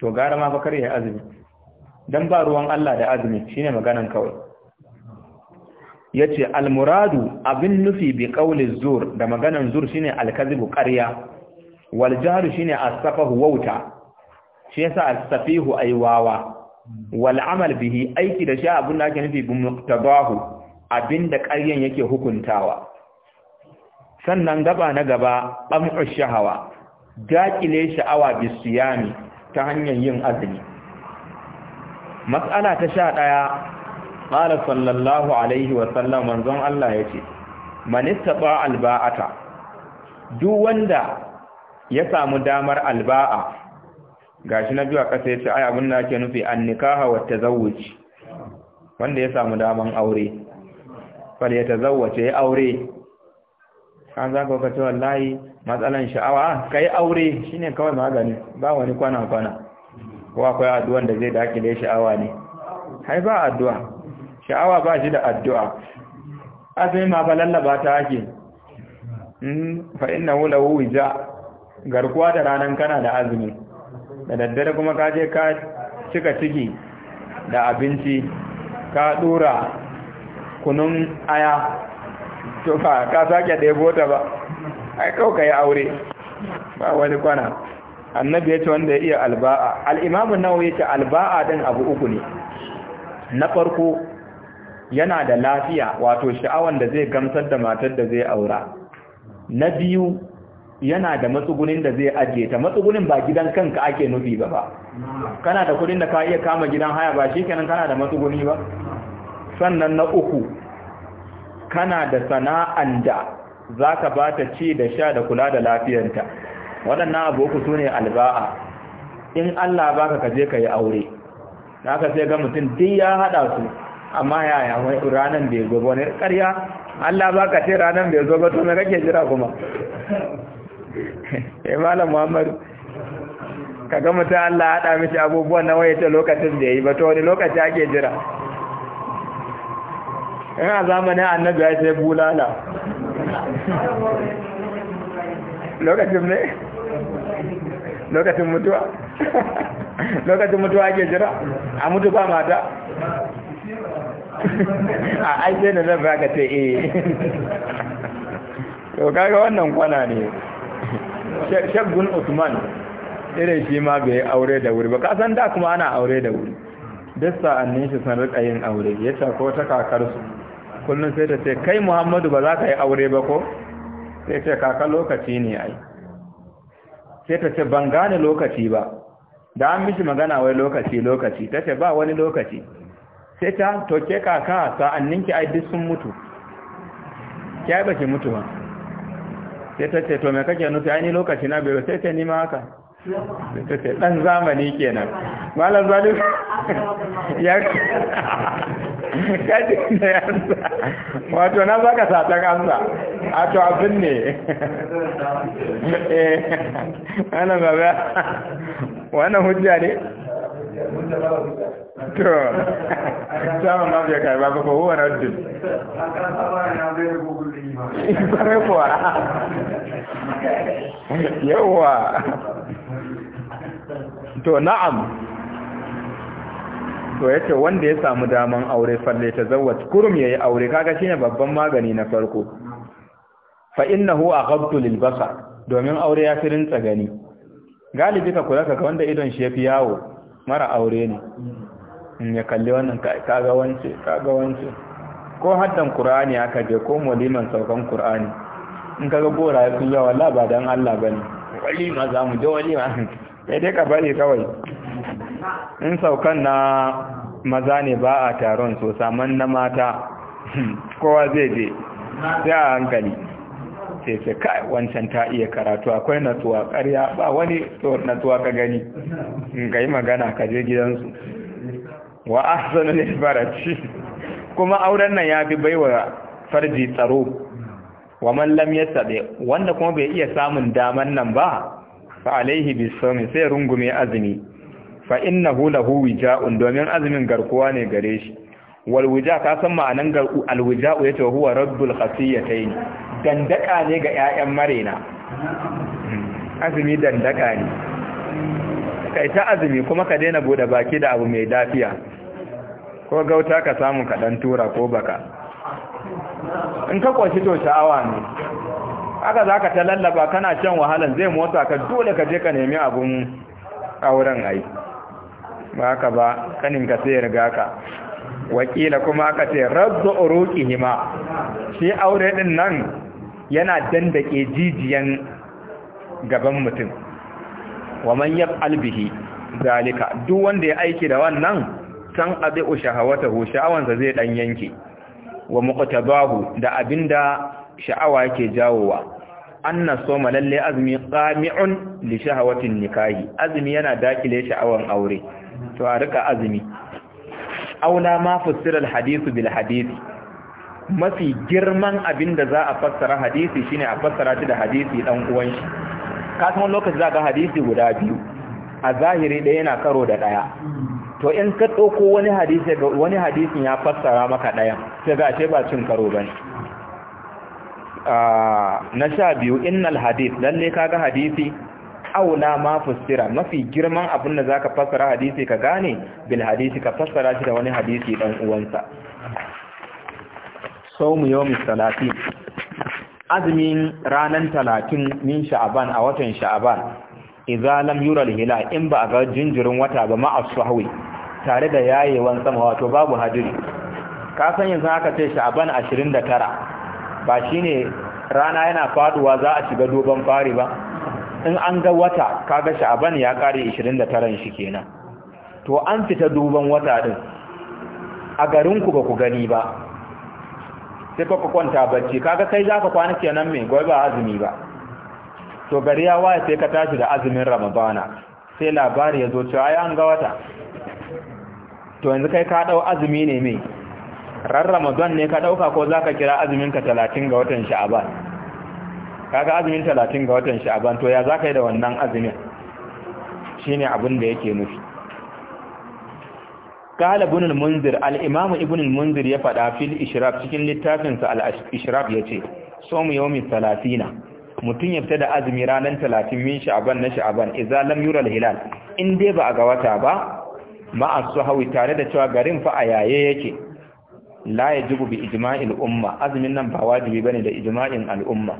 to gara ma fa ya azumi dan ba ruwan Allah da azumi shine maganan kawai yace al-muradu abin nufi bi qawli zur da maganan zur shine al-kadhibu qarya wal jahru shine as-safahu wauta shi yasa as-safihu ay wawa wal bihi aiki da sha abin da ake nufi bi muktabahu abinda ƙaryan yake hukuntawa sannan gaba na gaba qam'u shahawa daƙile sha'awa bi siyami ta hanyar yin azumi mas'ala ta sha ɗaya qala sallallahu alaihi wa sallam manzon Allah yace man istata alba'ata duk wanda ya samu damar alba'a gashi na biyu a ƙasa yace ai abin da ake nufi an nikaha wa tazawwuj wanda ya samu daman aure fal ya tazawwace ya aure an za ka ce wallahi matsalan sha'awa ah, kai aure shine kawai magani ba wani kwana kwana ko akwai addu'an da zai dakile sha'awa ne hai ba addu'a sha'awa ba shi da addu'a azumi ma ba lallaba ta ake hmm, fa innahu lahu wuja. garkuwa da ranan kana da azumi da daddare kuma ka je ka cika ciki da abinci ka dora kunun aya to ka sake ɗebo ta ba ai kawai yi aure ba wani kwana annabi ya ce wanda ya iya alba'a al'imamu nawa ya ce alba'a ɗin abu uku ne na farko yana da lafiya wato sha'awan da zai gamsar da matar da zai aura na biyu yana da matsugunin da zai ajiye ta matsugunin ba gidan kanka ake nufi ba ba kana da kudin da ka iya kama gidan haya ba shi kenan kana da matsuguni ba sannan na uku kana da sana'an da za ka ba ta ci da sha da kula da lafiyarta waɗannan aboku su ne alba'a in allah ba ka kaje ka yi aure na ka sai ga mutum duk ya haɗa su amma yaya ranar bai ba wani ƙarya allah ba ka ce ranar bai zo ba to me kake jira kuma eh malam muhammadu kaga mutum Allah ya haɗa mishi abubuwan na waye ta lokacin da ya yi ba to wani lokaci ake jira in a zamanin annabi ya sai bulala lokacin ne lokacin mutuwa lokacin mutuwa ake jira a mutu ba mata a aise da zan ka ce eh to kaga wannan kwana ne shaggun usman irin shi ma bai aure da wuri ba kasan da kuma ana aure da wuri duk sa'annin shi sun rika yin aure ya ce ko ta kakarsu kullum sai ta ce kai muhammadu ba za ka yi aure ba ko sai ce kaka lokaci ne ai sai ta ce ban gane lokaci ba da an mishi magana wai lokaci lokaci ta ce ba wani lokaci sai ta toke kaka sa'annin ki ai duk sun mutu ki ai ki mutu ba sai ta ce to me kake nufi ai ni lokaci na bai sai ta nima haka ta ce dan zamani kenan malam zalim ya kaji da yansa wato na baka satan amsa a to abin ne eh wannan baba wannan hujja ne to na'am to yace wanda ya samu daman aure falle ta zawwat kurum yayi aure kaga shine babban magani na farko fa innahu aghabtu lil basar domin aure ya firin tsagani galibi ka kula ka wanda idon shi yafi yawo mara aure ne in ya kalli wannan kaga wance wance ko haddan qur'ani aka je ko muliman saukan qur'ani in kaga gora ya yawa wallahi ba dan Allah bane walima za mu je ma. sai dai ka bari kawai in saukan na maza ne ba a taron so saman na mata kowa zai je sai a hankali sai sai kai wancan ta iya karatu akwai natuwa ƙarya ba wani natuwa ka gani in ka yi magana ka je gidansu wa ahsanul faraj kuma auren nan ya fi baiwa farji tsaro wa man lam yastabi wanda kuma bai iya samun daman nan ba fa alaihi bisawmi sai rungume azumi fa innahu lahu wija'un domin azumin garkuwa ne gare shi wal wija ka san ma'anan garku al wija'u yace huwa rabbul khasiyatayn dandaka ne ga ƴaƴan marena hmm. azumi dandaka ne kai ta azumi kuma ka daina bude baki da abu mai dafiya ko gauta ka samu ka dan tura ko baka in ka kwashi to sha'awa ne haka ka ta lallaba kana shan wahalan zai motsa ka dole ka je ka nemi abun auren ai ba ka ba kanin ka sai riga ka wakila kuma aka ce raddu uruqihima shi aure din nan yana dandake jijiyan gaban mutum wa man yaf'al bihi zalika duk wanda ya aiki da wannan san azu sha'awan sha'awansa zai dan yanke wa muqtabahu da abinda sha'awa yake jawowa anna soma lalle azmi qami'un li shahawatin nikahi azmi yana dakile sha'awan aure to a rika azmi aula ma fassara alhadith bil hadith mafi girman abinda za a fassara hadisi shine a fassara shi da hadisi dan uwan shi kasan lokaci za ga hadisi guda biyu a zahiri ɗaya yana karo da ɗaya to in ka ɗauko wani hadisi wani hadisin ya fassara maka ɗayan sai ga ce ba cin karo bane na sha biyu innal hadith lalle ga hadisi aula ma fassira mafi girman abin da zaka fassara hadisi ka gane bil hadisi ka fassara shi da wani hadisi dan uwansa sawmu yawmi salatin azumin ranar talatin min sha'aban a watan sha'aban idza lam yura hila in ba a ga jinjirin wata ba ma'a sahwi tare da yayewan sama wato babu hadiri ka san yanzu haka ce sha'aban 29 ba shine rana yana faduwa za a shiga doban fari ba in an ga wata kaga sha'aban ya kare 29 shi kenan to an fita duban wata din a garinku ba ku gani ba sai ka kwanta bacci kaga kai za ka kwana kenan me gobe ba azumi ba to gari ya waye sai ka tashi da azumin ramadana sai labari ya zo cewa ai an ga wata to yanzu kai ka dau azumi ne me ran ramadan ne ka dauka ko zaka kira azumin ka 30 ga watan sha'aban kaga azumin 30 ga watan sha'aban to ya zaka yi da wannan azumin shine abin da yake nufi قال ابن المنذر الامام ابن المنذر ya faɗa fil ishraf cikin littafin sa al ishraf yace sawm yawmi 30 mutun ya fita da azumi ranan 30 min sha'ban na sha'ban idza lam yura al hilal in dai ba a ga wata ba ma as tare da cewa garin fa a yaye yake la yajibu bi ijma'il umma azumin nan ba wajibi bane da ijma'in al umma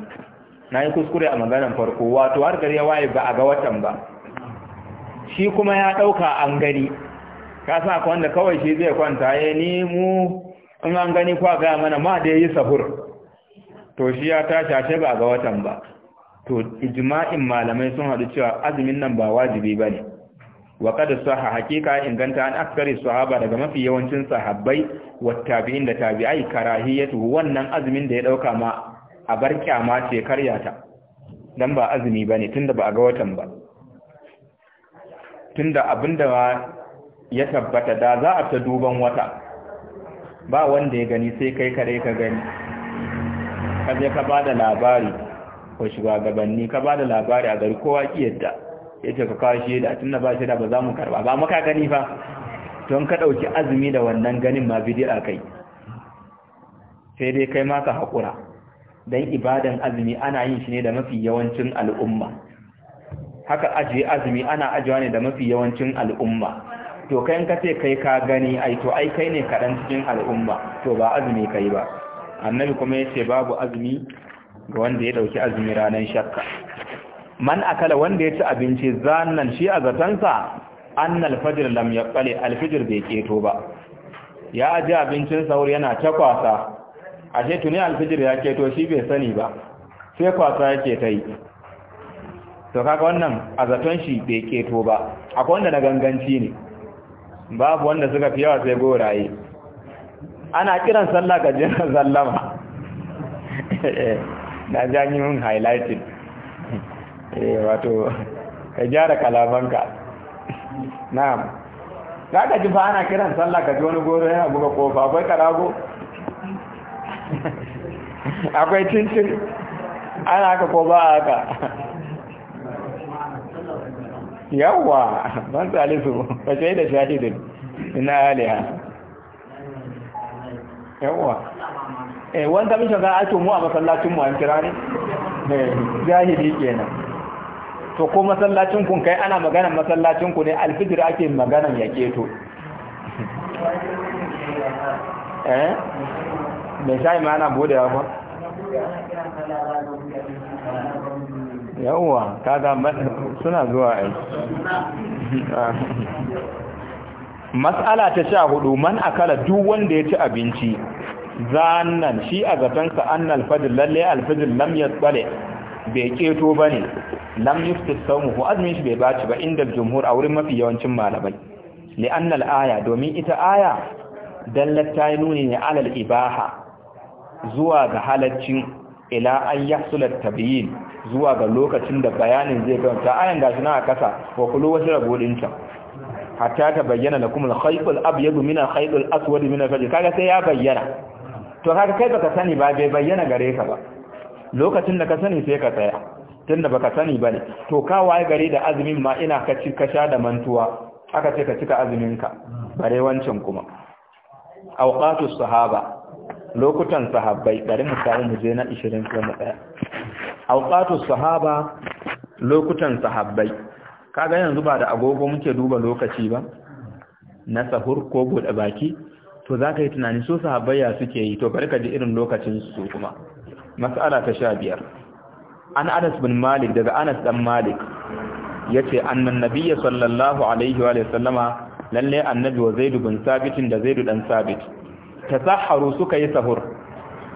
nayi kuskure a maganar farko wato har gari waye ba a ga watan ba shi kuma ya dauka an gani ka sa wanda kawai shi zai kwanta ya eh, ni mu in an gani kwa gaya mana ma da ya yi sahur to shi ya tashi ashe ba ga watan ba to ijma'in malamai sun hadu cewa azumin nan ba wajibi ba ne wa kada saha hakika inganta an askari sahaba daga mafi yawancin sahabbai wa tabi'in da tabi'ai karahiyatu wannan azumin da ya dauka ma a bar kyama ce karyata dan ba azumi bane tunda ba a ga watan ba tunda abinda ya tabbata da za a ta duban wata ba wanda ya gani sai kai kare ka gani ka je ka bada labari ko shugabanni ka bada labari a gari kowa kiyarta ya ce ka kawo shi da tunda ba shi da ba za mu karba ba maka gani fa don ka ɗauki azumi da wannan ganin ma bidira kai sai dai kai maka ka haƙura don ibadan azumi ana yin shi ne da mafi yawancin al'umma haka ajiye azumi ana ajiyewa ne da mafi yawancin al'umma to kai in ka ce kai ka gani ai to ai kai ne kaɗan cikin al'umma to ba azumi kai ba annabi kuma ya ce babu azumi ga wanda ya ɗauki azumi ranar shakka man akala wanda ya ci abinci zannan shi a zatansa an alfajir lam ya tsale alfijir bai keto ba ya aji abincin sahur yana ta kwasa ashe tuni alfijir ya keto shi bai sani ba sai kwasa yake ta yi to kaga wannan a zaton shi bai keto ba akwai wanda na ganganci ne babu wanda suka fi yawa sai goraye ana kiran sallah ka jinan sallama na jami mun highlighting eh wato ka jara kalamanka na'am za ka ji fa ana kiran sallah ka wani goro yana buga kofa akwai karago akwai cincin ana haka ko ba haka yawwa ban salisu ba sai da shahidin ina aliha yawwa eh wanda mun shiga ake mu a masallacin mu an kira ne eh, jahili kenan to ko masallacin kun kai ana magana masallacin ku ne alfijir ake magana ya keto eh me sai ma ana bude ba yawwa kaga suna zuwa ai mas'ala ta sha hudu man akala duk wanda ya ci abinci zannan shi a gatansa annal fadl lalle alfajr lam yasbale bai keto bane lam yuftasamu ko azmin shi bai baci ba inda jumhur a wurin mafi yawancin malamai li annal aya domin ita aya dallat ta nuni ne alal ibaha zuwa ga halaccin ila an yahsul at zuwa ga lokacin da bayanin zai kanta ayan gashi na a kasa ko kullu wasu rabo can hatta ta bayyana lakum al-khayt abu abyad min al-khayt al-aswad min al-fajr kaga sai ya bayyana to kaga kai baka sani ba bai bayyana gare ka ba lokacin da ka sani sai ka tsaya tunda baka sani ba ne to ka waye gare da azumin ma ina ka ci ka sha da mantuwa aka ce ka cika azumin ka bare wancan kuma awqatus sahaba lokutan sahabbai bari mu samu mu je na 20 sai mu tsaya awqatu sahaba lokutan sahabbai kaga yanzu ba da agogo muke duba lokaci ba na sahur ko bude baki to za ka yi tunani sahabbai ya suke yi to bari ka ji irin lokacin su kuma mas'ala ta sha biyar an anas bin malik daga anas dan malik yace ce annan nabiya sallallahu alaihi wa sallama lalle annabi wa zaid bin sabitin da zaidu dan sabit tasahharu suka yi sahur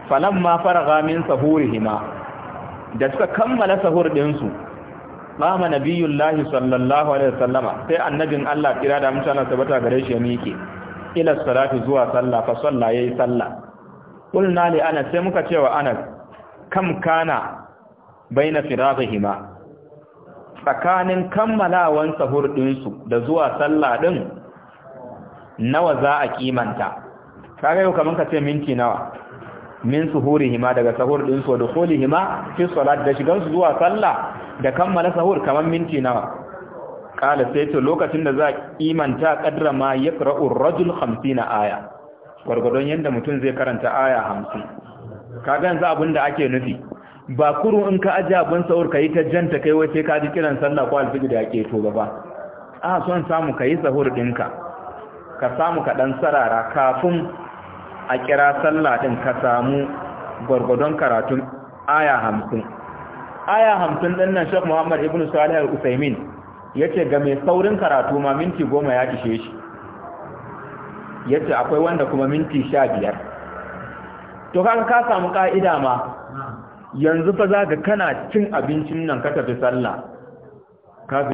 falamma faragha min sahurihima da suka kammala sahur din su qama nabiyullahi sallallahu alaihi wasallama sai annabin Allah kira da mutana sabata gare shi ya miƙe ila salati zuwa sallah fa salla yayi sallah qulna li anas sai muka cewa anas kam kana baina firaghihima tsakanin kammalawan sahur ɗinsu da zuwa sallah ɗin nawa za a kimanta kaga yau kaman ka ce minti nawa min ma daga sahur din su da ma fi salat da shigan su zuwa sallah da kammala sahur kaman minti nawa kala sai to lokacin da za imanta kadra ma yaqra'u ar-rajul 50 aya gwargwadon yanda mutum zai karanta aya 50 kaga yanzu abinda ake nufi ba kuru in ka aje abin sahur kai ta janta kai wai sai ka ji kiran sallah ko alfijir da ake to ba a son samu kai sahur dinka ka samu ka sarara kafin a kira sallah din ka samu gwargwadon karatun aya hamsin aya hamsin din nan shek muhammad ibn salih al-usaimin ya ce ga mai saurin karatu ma minti goma ya ishe shi ya ce akwai wanda kuma minti sha biyar to kaka ka samu ka'ida ma yanzu fa za ka kana cin abincin nan ka tafi sallah ka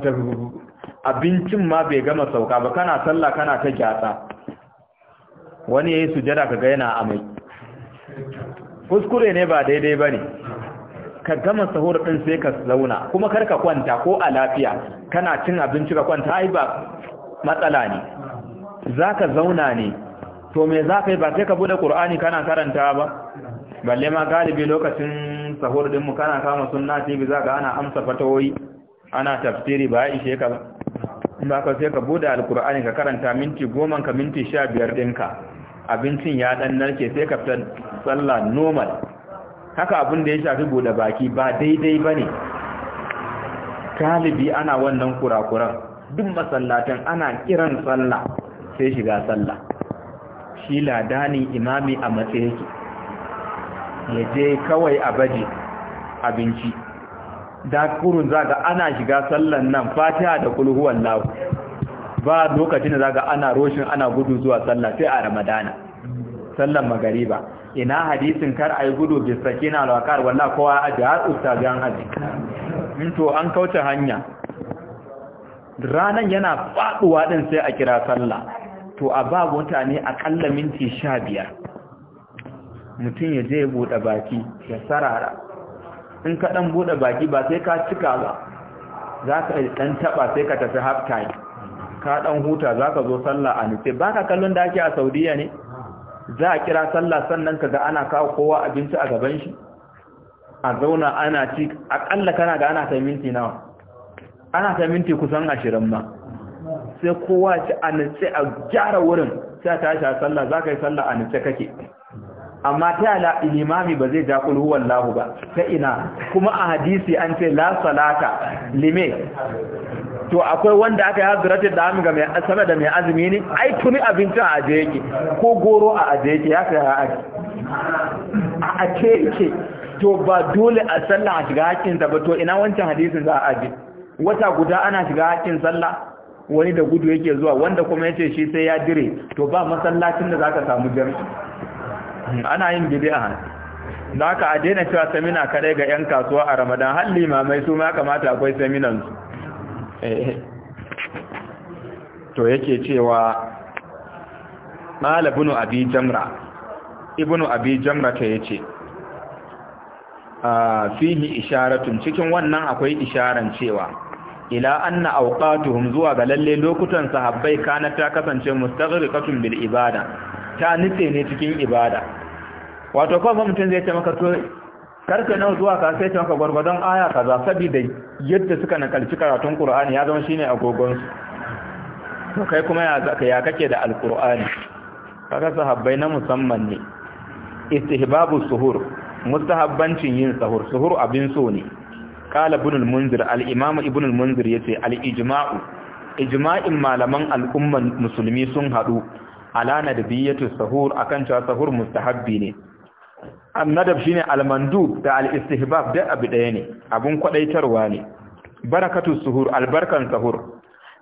abincin ma bai gama sauka ba kana sallah kana ta gyatsa wani ya yayi sujada kaga yana amai kuskure ne ba daidai bane ka gama sahur din sai ka zauna kuma karka ka kwanta ko a lafiya kana cin abinci ka kwanta ai ba matsala ne zaka zauna ne to me zaka yi ba sai ka bude qur'ani kana karanta ba balle ma galibi lokacin sahur din kana kama sunna tv zaka ana amsa fatawoyi ana tafsiri ba ishe ka ba inda ka sai ka bude alkur'ani ka karanta minti goma ka minti sha biyar ɗinka abincin ya ɗan narke sai ka fita tsalla normal haka abin da ya shafi bude baki ba daidai ba ne ana wannan kurakuran duk masallatan ana kiran tsalla sai shiga tsalla shi ladani imami a matsayi ya je kawai a baje abinci da kurun zaga ana shiga sallan nan fatiha da kulhuwan lahu ba lokacin da zaga ana roshin ana gudu zuwa sallah sai a ramadana sallan magariba ina hadisin kar ayi gudu bi sakina al wallahi kowa aje har ustazan haji in to an kauce hanya ranan yana faduwa din sai a kira sallah to a ba mutane a akalla minti 15 mutum ya je ya bude baki ya sarara in ka dan buɗe baki ba sai ka cika ba za ka ɗan taɓa sai ka tafi half time ka dan huta za ka zo sallah a nufi ba ka kallon da ake a saudiya ne za a kira sallah sannan ka ga ana kawo kowa abinci a gaban shi a zauna ana ci akalla kana ga ana kai minti nawa ana kai minti kusan ashirin ma sai kowa ci a nutse a gyara wurin sai ta tashi a sallah za ka yi sallah a nutse kake amma ta ala limami ba zai ja huwallahu wallahu ba ta ina kuma a hadisi an ce la salata lime to akwai wanda aka yi haziratin da amin ga mai sama da mai azumi ne ai tuni abincin a aje yake ko goro a aje yake ya kai a ake yake to ba dole a sallah a shiga hakkin ba to ina wancan hadisin za a aje wata guda ana shiga hakkin sallah wani da gudu yake zuwa wanda kuma yace shi sai ya dire to ba masallacin da zaka samu jami'i ana yin bid'a da a daina cewa samina kadai ga yan kasuwa a ramadan har limamai su ma kamata akwai saminan su eh. to yake cewa malabunu abi jamra ibnu abi jamra ta yace ah, fihi isharatun cikin wannan akwai isharan cewa ila anna awqatuhum zuwa ga lalle lokutan sahabbai kana ta kasance mustaghriqatun bil ibada ta nitse ne cikin ibada wato kawai mutum zai ce maka to karfe nawa zuwa ka sai ce maka gwargwadon aya kaza saboda yadda suka nakalci karatun qur'ani ya zama shine agogon su to kai kuma ya zaka ya kake da alqur'ani kaga sahabbai na musamman ne istihbabu suhur mustahabbancin yin sahur suhur abin so ne qala ibn al-munzir al-imam ibn al-munzir yace al-ijma'u ijma'in malaman al'umman musulmi sun hadu ala nadbiyatu sahur akan cewa sahur mustahabbi ne annadab shine almandub da al-istihbab da abu daya ne abun kwadaitarwa ne barakatu suhur albarkan sahur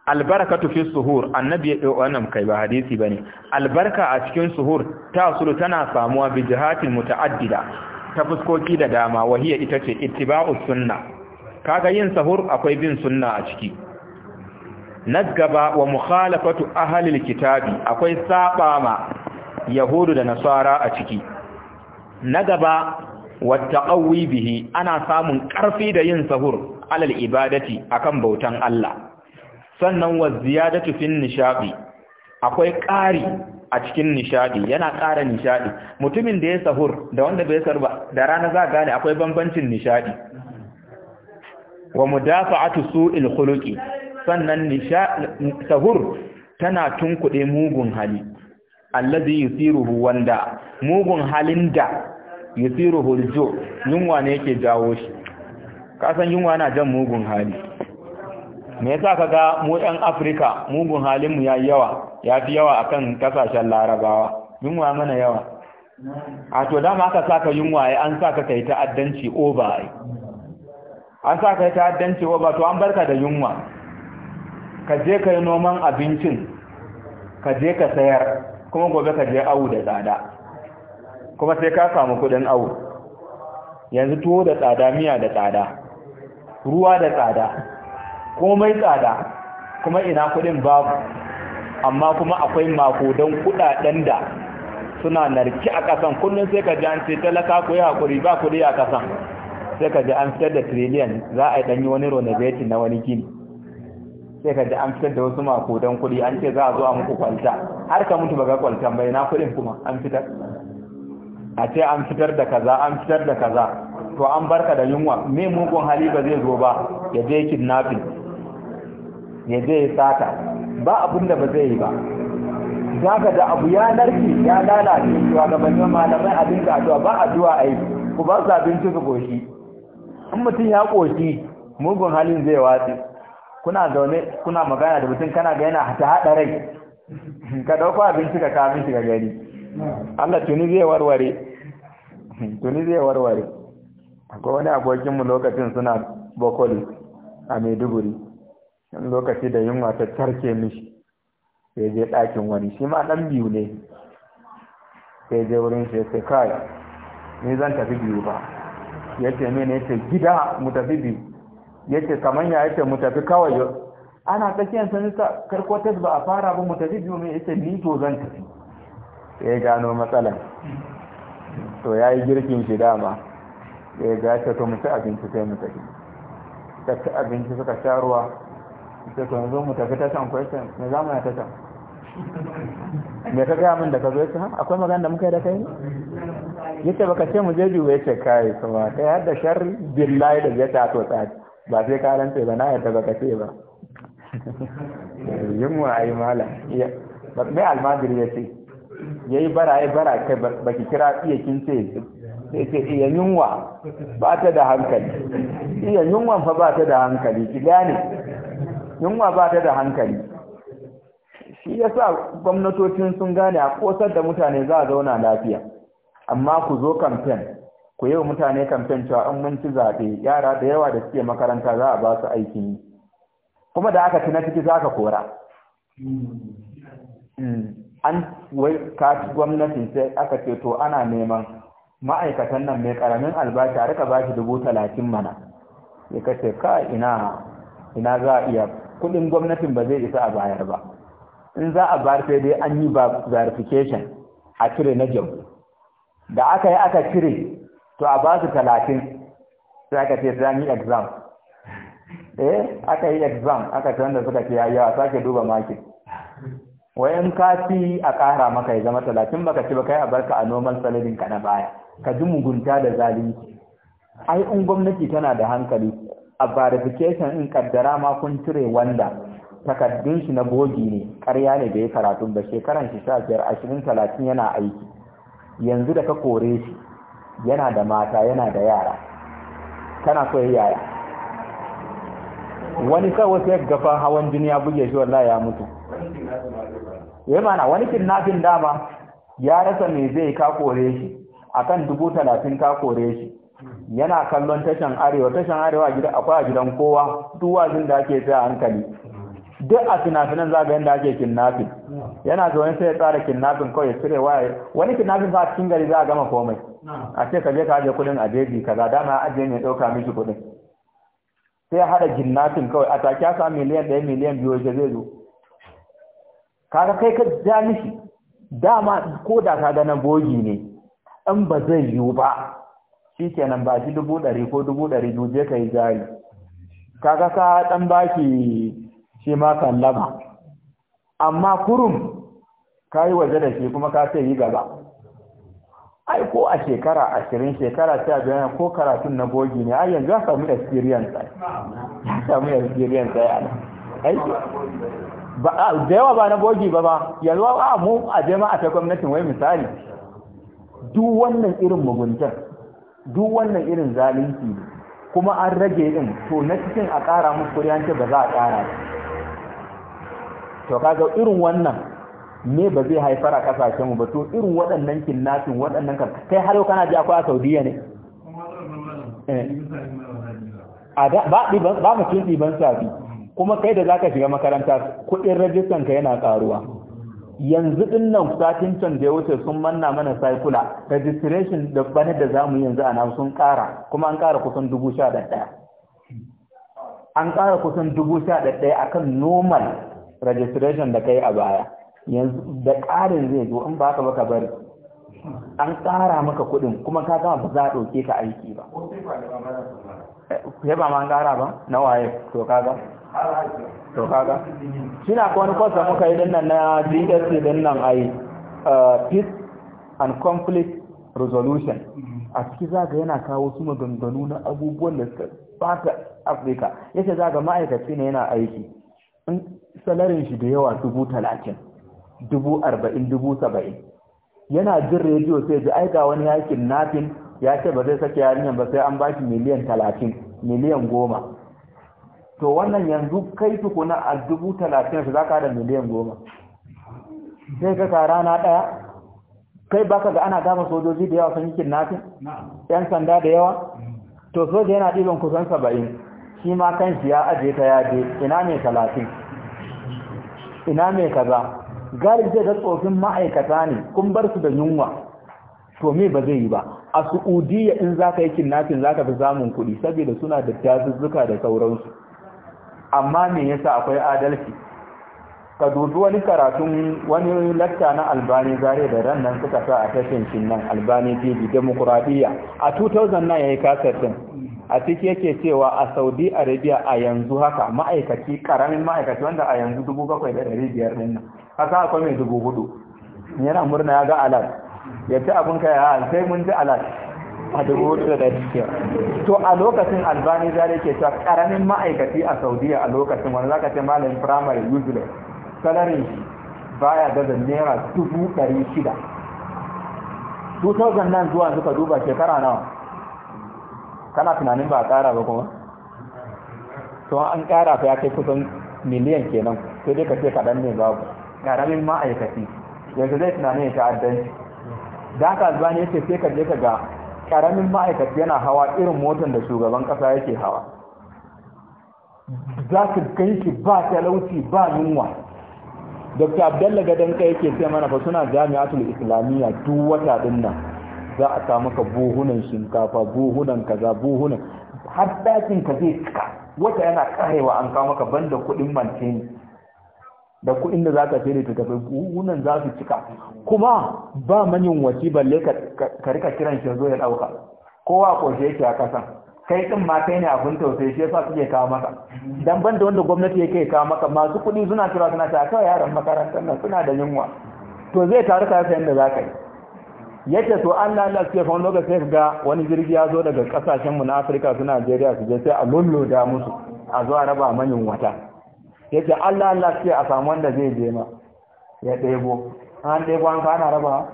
albarakatu fi suhur annabi ya ɗau wannan kai ba hadisi bane albarka a cikin suhur ta sulu tana samuwa bi jihatin muta'addida ta fuskoki da dama wahiya ita ce ittiba'us sunna kaga yin sahur akwai bin sunna a ciki na gaba wa mukhalafatu ahlil kitabi akwai saba ma yahudu da nasara a ciki na gaba wattaqawi bihi ana samun karfi da yin sahur alal ibadati akan bautan Allah sannan wa ziyadatu fin akwai ƙari a cikin nishadi yana ƙara nishadi mutumin da ya sahur da wanda bai sahur ba da rana za gane akwai bambancin nishadi wa mudafa'atu su'il khuluqi sannan sahur tana tunkuɗe mugun hali allazi yusiruhu wanda mugun halin da yusiruhu aljo yunwa ne yake jawo shi Ka san yunwa na jan mugun hali me yasa kaga mu ɗan Afrika mugun halin mu yayi yawa yafi yawa akan kasashen Larabawa yunwa mana yawa a to dama aka saka yunwa ai an saka kai ta'addanci over ai an saka ta ta'addanci over to an barka da yunwa ka je ka yi noman abincin ka je ka sayar kuma gobe ka je awu da tsada kuma sai ka samu kudin awu yanzu tuwo da tsada miya da tsada ruwa da tsada komai tsada kuma ina kudin babu amma kuma akwai mako don kudaden da suna narki a kasan kullum sai ka ji an ce talaka ko ya hakuri ba kudi a kasan sai ka ji an fitar da trillion za a yi danyi wani renovation na wani gini sai ka ji an fitar da wasu makudan kuɗi an ce za a zo a muku kwalta har ka mutu baga kwaltan bai na kuɗin kuma an fitar a ce an fitar da kaza an fitar da kaza to an barka da yunwa me mugun hali ba zai zo ba ya je kidnapping ya je sata ba abin da ba zai yi ba za ka da abu ya narki ya lalace ga manyan malamai abin da addu'a ba addu'a ai ku ba su abinci su koshi in mutum ya koshi mugun halin zai watsi kuna zaune kuna magana da mutum kana ga yana ta haɗa rai ka ɗauko abinci ka kawo ga gari Allah tuni zai warware tuni zai warware akwai wani abokinmu lokacin suna bokoli a maiduguri lokaci da yunwa ta tarke mishi sai je ɗakin wani shi ma ɗan biyu ne sai je wurin shi sai kai ni zan tafi biyu ba yace mene ce gida mu tafi biyu ce kaman ya ce mu tafi kawai ana tsakiyar sanisa karko ta ba a fara ba mu tafi biyu mai ita ni to zan tafi ya gano matsalan to ya yi girkin shi dama ya ga to mu ci abinci sai mu tafi ta ci abinci suka sha ruwa ta to yanzu mu tafi tashan question me za mu na tashan me ka gaya min da ka zo yace akwai magana da muka yi da kai yace baka ce mu je biyu yace kai kuma ta yadda sharri billahi da ya ta to tsaki ba sai ka rantse ba na yadda ka ce ba yin a yi mala mai almajiri ya ce ya yi bara ya bara kai ba ki kira iya kin ce sai ce iya yunwa ba ta da hankali iya yin fa ba ta da hankali ki gane yunwa ba ta da hankali shi ya sa gwamnatocin sun gane a kosar da mutane za a zauna lafiya amma ku zo kamfen ku yi wa mutane kamfen cewa an mun ci zaɓe yara da yawa da suke makaranta za a ba su aikin yi kuma da aka ci na ciki za ka kora mm. an wai ka gwamnatin sai aka ce to ana neman ma'aikatan nan mai karamin albashi a rika ba shi dubu talatin mana ya kace ka ina ina za a iya kudin gwamnatin ba zai isa a bayar ba in za a bayar sai dai an yi verification a cire na jam. da aka yi aka cire to a ba su talatin sai aka ce ta yi exam eh aka yi exam aka ce wanda suka ce ya yawa sake duba makin wayan kafi a kara maka ya zama talatin baka ci ba kai a barka a normal salarin ka na baya ka ji mugunta da zalunci ai in gwamnati tana da hankali a verification in kaddara ma kun cire wanda takaddun shi na bogi ne ƙarya ne da ya karatu ba shekaran shi sha biyar ashirin talatin yana aiki yanzu da ka kore shi yana da mata yana da yara kana so yaya wani kawai sai gafa hawan jini ya buge shi wallahi ya mutu yayi eh mana wani kidnapping dama ya rasa me zai ka kore shi akan dubu talatin ka kore shi yana kallon tashan arewa tashan arewa gida akwai a gidan kowa duk wazin da ake tsaya hankali duk a finafinan zaga yadda ake kidnapping yana zaune sai ya tsara kidnapping kawai cire waya wani kidnapping a cikin gari za a gama komai Ace a ce ka je ka ajiye kudin a bebi kaza dama ajiye ne ɗauka miki kudin sai haɗa jinnatin kawai a take ya samu miliyan ɗaya miliyan biyu wajen zai zo kaga kai ka ja mishi dama ko da ka ga na bogi ne in ba zai yiwu ba shi kenan ba shi dubu ɗari ko dubu ɗari biyu je ka yi jari kaga ka ɗan baki shi ma sallama amma kurum ka yi waje da shi kuma ka sai yi gaba ai ko a shekara ashirin shekara ta biyar ko karatun na bogi ne ai yanzu ya samu experience ya samu experience ya na aiki ba da yawa ba na bogi ba ba yanzu ba mu a a ta gwamnatin wai misali duk wannan irin muguntar duk wannan irin zalunci kuma an rage din to na cikin a ƙara musu kuriyance ba za a ƙara to kaga irin wannan me ba zai haifar a kasashenmu ba to irin waɗannan kinnafin waɗannan kan kai har yau kana ji akwai a saudiya ne eh. ba mutum ɗiban safi kuma kai da zaka shiga makaranta kuɗin rajistan ka yana ƙaruwa yanzu ɗin nan satin can da ya wuce sun manna mana saikula registration da bane da zamu yanzu a nan sun ƙara kuma an ƙara kusan dubu sha da ɗaya an ƙara kusan dubu sha da ɗaya akan normal registration da kai a baya yanzu da ƙarin zai zo in ba ka baka bari an ƙara maka kuɗin kuma ka gama ba za a ɗauke ka aiki ba sai ba ma an ƙara ba na waye to kaga to kaga shina ko wani kwasa muka yi dinnan na DSC dinnan ai eh, peace and conflict resolution a ciki za ga yana kawo su maganganu na abubuwan da suka bata Afirka yace za zaga ma'aikaci ne yana aiki in salarin shi da yawa dubu talatin dubu arba'in dubu saba'in yana jin rediyo sai ji aika wani yakin nafin ya ce ba zai sake yarinyar ba sai an ba shi miliyan talatin miliyan goma to wannan yanzu kai tukuna a dubu talatin su za ka da miliyan goma sai ka ka rana ɗaya kai ba ka ga ana gama sojoji da yawa sun yi kidnafin yan sanda da yawa to soja yana ɗiban kusan saba'in shi ma kan shi ya aje ta yaje ina mai talatin ina mai kaza galibi zai ga tsofin ma'aikata ne kun bar su da yunwa to me ba zai yi ba a su'udiyya in za ka yi kinnafin za ka fi zamun kuɗi saboda suna da dazuzzuka da sauransu amma me yasa akwai adalci ka dubi wani karatun wani latta na albani zare da ran nan suka sa a tashin shin nan albani tv demokuraɗiyya a 2009 yayi yi kasar din a ciki yake cewa a saudi arabia a yanzu haka ma'aikaci ƙaramin ma'aikaci wanda a yanzu 7,500 ɗin nan kasa akwai mai dubu hudu yana murna ya ga alat ya ci abin ka ya sai mun ji alat a dubu hudu da ɗari to a lokacin albani zare ke cewa karamin ma'aikaci a saudiya a lokacin wani zaka ce malamin firamare useless salarin shi baya daga naira dubu ɗari shida 2000 nan zuwa suka duba shekara nawa kana tunanin ba a ƙara ba kuma to an ƙara fa ya kai kusan miliyan kenan sai dai ka ce kaɗan ne babu karamin ma'aikaci yanzu zai tunanin ya ta'addanci da haka albani yake sai ka je ka ga karamin ma'aikaci yana hawa irin motan da shugaban ƙasa yake hawa za su gan shi ba talauci ba yunwa dr abdallah gadon kai yake sai mana fa suna jami'atul islamiyya duk wata din nan za a samu ka buhunan shinkafa buhunan kaza buhunan har dakin ka zai wata yana karewa an kawo maka banda kuɗin mantini da kuɗin da za ka ta tafi buhunan za su cika kuma ba manyan waci balle ka rika kiran shi zo ya ɗauka kowa ƙoshe yake a kasan. kai ɗin ma kai ne abin tausayi shi yasa suke kawo maka dan banda wanda gwamnati yake kawo maka masu kuɗi suna kira suna ta kawai yaran makarantar nan suna da yunwa to zai taru ka sayan da za ka yi yake to Allah Allah suke fa sai ga wani jirgi ya zo daga kasashen mu na Afirka su Najeriya su je sai a lullo da musu a zo a raba manyan wata yake Allah Allah ce a samu wanda zai ma ya ɗebo an ɗebo an kana raba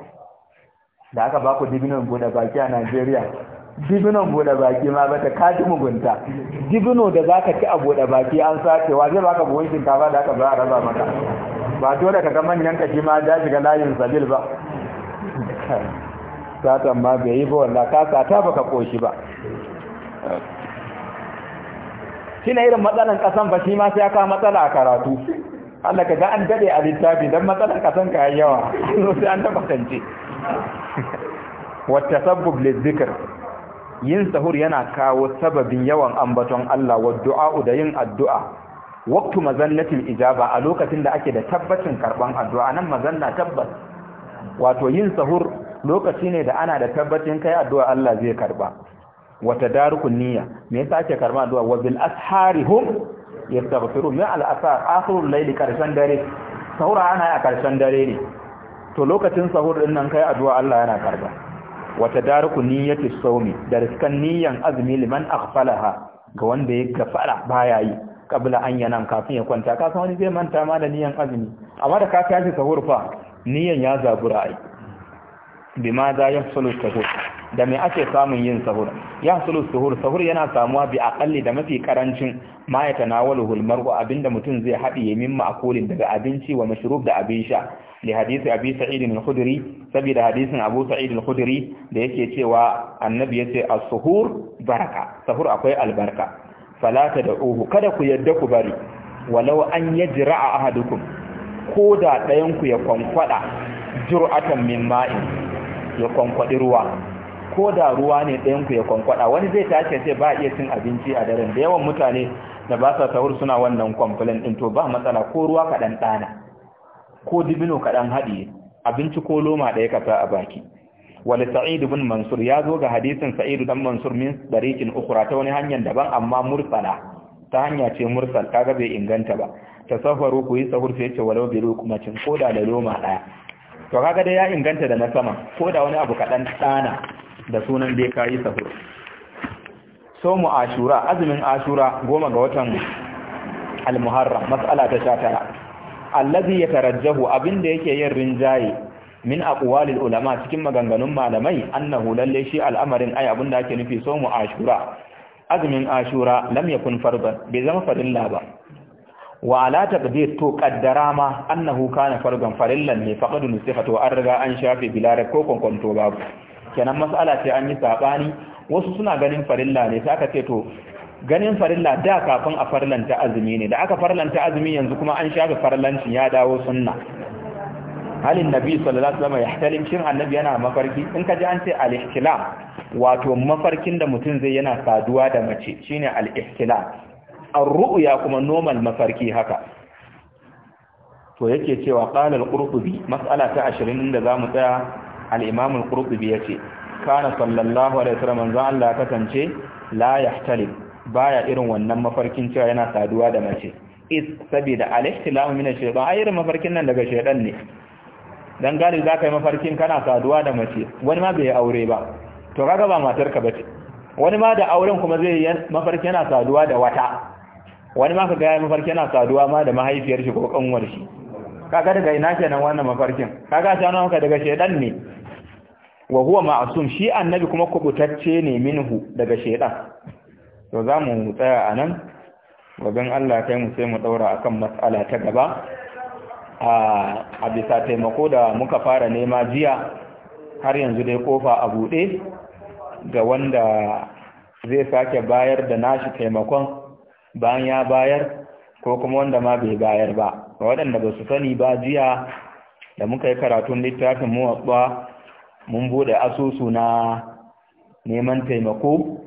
da aka ba ku dibinan buɗe baki a Najeriya dibinan buɗe baki ma ba ta kaji mugunta dibino da zaka ci a buɗe baki an sace, wa zai baka buhun shinkafa da aka ba a raba maka ba dole ka ga manyan kaji ma da shiga layin sabil ba satan ma bai yi ba wallah ka sata baka koshi ba shine irin matsalan kasan ba shi ma sai aka matsala a karatu Allah ka ga an dade a littafi dan matsalan kasan ka yawa sai an tabbatance wata sabbub lizikr yin sahur yana kawo sababin yawan ambaton Allah wa du'a da yin addu'a waqtu mazannatin ijaba a lokacin da ake da tabbacin karban addu'a nan mazanna tabbas wato yin sahur lokaci ne da ana da tabbacin kai addu'a Allah zai karba Wata darukun niyya me yasa ake karma addu'a wa bil asharihum yastaghfiru min al asar akhirul layli karshen dare sahur ana a karshen dare ne to lokacin sahur din nan kai addu'a Allah yana karba wa tadarukun niyyati sawmi da riskan niyyan azmi liman aghfalaha ga wanda ya gafara baya yi kabla an yana kafin ya kwanta kasan wani zai manta ma da niyan azumi amma da ka tashi sahur fa niyan ya zagura ai bima za ya sulu da me ake samun yin sahur ya sulu sahur yana yana samuwa bi akalli da mafi karancin ma ya tanawalu hulmar'u abinda mutum zai haɗiye min ma'akulin daga abinci wa mashrub da abin sha li hadisi abi sa'id al-khudri saboda hadisin abu sa'id al-khudri da yake cewa annabi yace as-suhur baraka suhur akwai albarka fala tad'uhu kada ku yadda ku bari walau an yajra'a ahadukum ko da ku ya kwankwada jur'atan min ma'in ya kwankwaɗi ruwa ko da ruwa ne ɗayanku ya kwankwaɗa. wani zai tashi sai ba a iya cin abinci a daren da yawan mutane da ba sa sahur suna wannan kwamfulin ɗin to ba matsala ko ruwa kaɗan ɗana ko dibino kaɗan haɗiye abinci ko loma ɗaya ka sa a baki wani sa'idu bin mansur ya zo ga hadisin sa'idu dan mansur min dariqin ukhra ta wani hanyar daban amma mursala ta hanya ce mursal kaga bai inganta ba Ta ku yi sahur sai ce walau bi ko da da loma ɗaya to kaga dai ya inganta da na sama ko da wani abu kaɗan tsana da sunan dai So so mu ashura azumin ashura goma ga watan al-muharram mas'ala ta 19 allazi yatarajjahu abinda yake yin rinjaye min aqwalil ulama cikin maganganun malamai annahu lalle shi al'amarin ai abinda ake nufi So mu ashura azumin ashura lam yakun fardan bai zama farilla ba wa ala taqdir to qaddara ma annahu kana fargan farillan ne faqadu nusihat wa an riga an shafe bilare ko konkonto babu kenan mas'ala ce an yi sabani wasu suna ganin farilla ne sai aka ce to ganin farilla da kafin a farlanta azumi ne da aka farlanta azumi yanzu kuma an shafe farlancin ya dawo sunna halin nabi sallallahu alaihi wasallam halin shin annabi yana mafarki in ka ji an ce al-ihtilam wato mafarkin da mutum zai yana saduwa da mace shine al-ihtilam ar-ru'ya kuma normal mafarki haka to yake cewa qala al-qurtubi mas'ala ta 20 da zamu tsaya al-imam al-qurtubi yace kana sallallahu alaihi wasallam manzo Allah kasance la yahtalib baya irin wannan mafarkin cewa yana saduwa da mace is sabida al-ihtilam min ash-shaytan ayrin mafarkin nan daga shaytan ne dan gari zaka yi mafarkin kana saduwa da mace wani ma bai aure ba to kaga ba matarka bace wani ma da auren kuma zai yi mafarkin yana saduwa da wata wani maka gaya ga mafarki yana saduwa ma da mahaifiyar shi ko kanwar shi kaga daga ina kenan wannan mafarkin kaga ta nuna maka daga shedan ne wa huwa ma'sum shi annabi kuma kubutacce ne minhu daga shedan to zamu tsaya anan wajen Allah kai mu sai mu daura akan mas'ala ta gaba a bisa taimako da muka fara nema jiya har yanzu dai kofa a bude ga wanda zai sake bayar da nashi taimakon bayan ya bayar ko kuma wanda ma bai bayar ba waɗanda ba su sani ba jiya da muka yi karatun littafin muwatsuwa mun bude asusu na neman taimako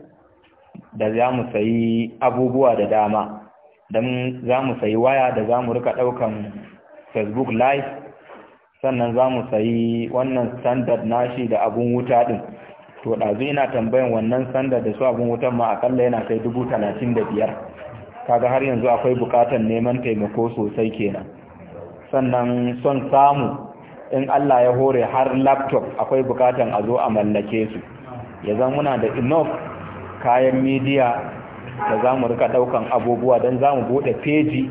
da za mu sayi abubuwa da dama don za mu sayi waya da za mu rika ɗaukan facebook live sannan za mu sayi wannan standard nashi da abun wuta ɗin to ɗazu ina tambayan wannan standard da su abun wutan ma akalla yana kai dubu talatin da biyar kaga har yanzu akwai bukatar neman taimako sosai kenan sannan son samu in Allah ya hore har laptop akwai bukatan a zo a mallake su ya zan muna da enough kayan media da za mu rika daukan abubuwa don za mu bude peji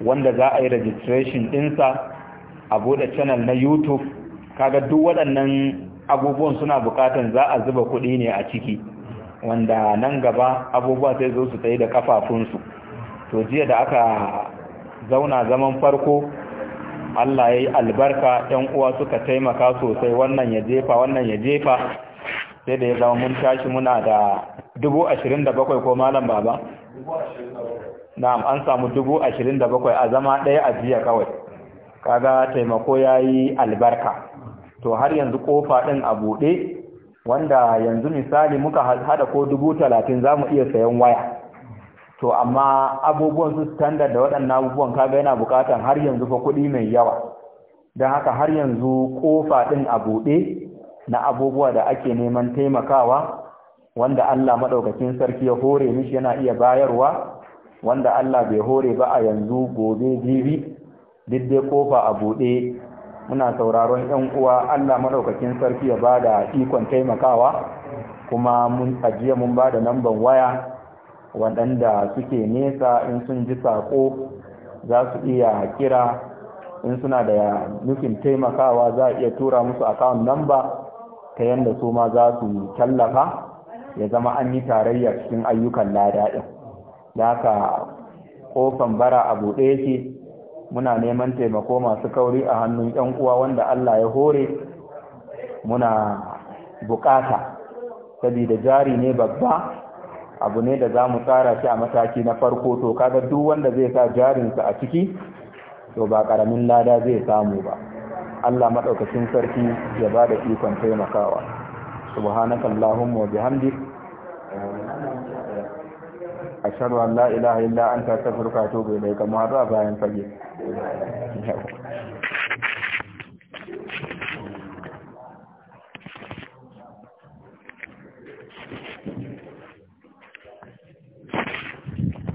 wanda za a yi registration dinsa a bude channel na youtube kaga duk waɗannan abubuwan suna bukatan za a zuba kuɗi ne a ciki wanda nan gaba abubuwa sai zo su tsaye da kafafunsu to jiya da aka zauna zaman farko Allah ya yi albarka ‘yan uwa suka taimaka sosai wannan ya jefa wannan ya jefa sai da ya zama mun tashi muna da dubu ashirin da bakwai ko malam baba? na'am an samu dubu ashirin da bakwai a zama ɗaya a jiya kawai kaga taimako ya yi albarka to har yanzu kofa ɗin a buɗe wanda yanzu misali muka hada ko dubu talatin za mu iya sayan waya to amma abubuwan su standard da waɗannan abubuwan kaga yana buƙatar har yanzu fa kuɗi mai yawa don haka har yanzu ƙofa ɗin a buɗe na abubuwa da ake neman taimakawa wanda Allah maɗaukakin sarki ya hore mishi yana iya bayarwa wanda Allah bai hore ba a yanzu gobe jibi duk dai ƙofa a buɗe muna sauraron 'yan uwa Allah maɗaukakin sarki ya ba da ikon taimakawa kuma mun ajiye mun ba da namban waya waɗanda suke nesa in sun ji saƙo za su iya kira in suna da nufin taimakawa za a iya tura musu akawun number ta yadda su ma za su tallafa ya zama an yi tarayya cikin ayyukan lada ɗin da haka ƙofan bara a buɗe yake muna neman taimako masu kauri a hannun 'yan uwa wanda Allah ya hore muna buƙata. sabida jari ne babba abu ne da za mu tsara shi a mataki na farko to kaga duk wanda zai sa jarinsa a ciki to ba karamin lada zai samu ba Allah madaukakin sarki ya ba da ikon taimakawa subhanakallahumma wa bihamdik ashhadu an la ilaha illa anta astaghfiruka wa atubu ilayka mu bayan fage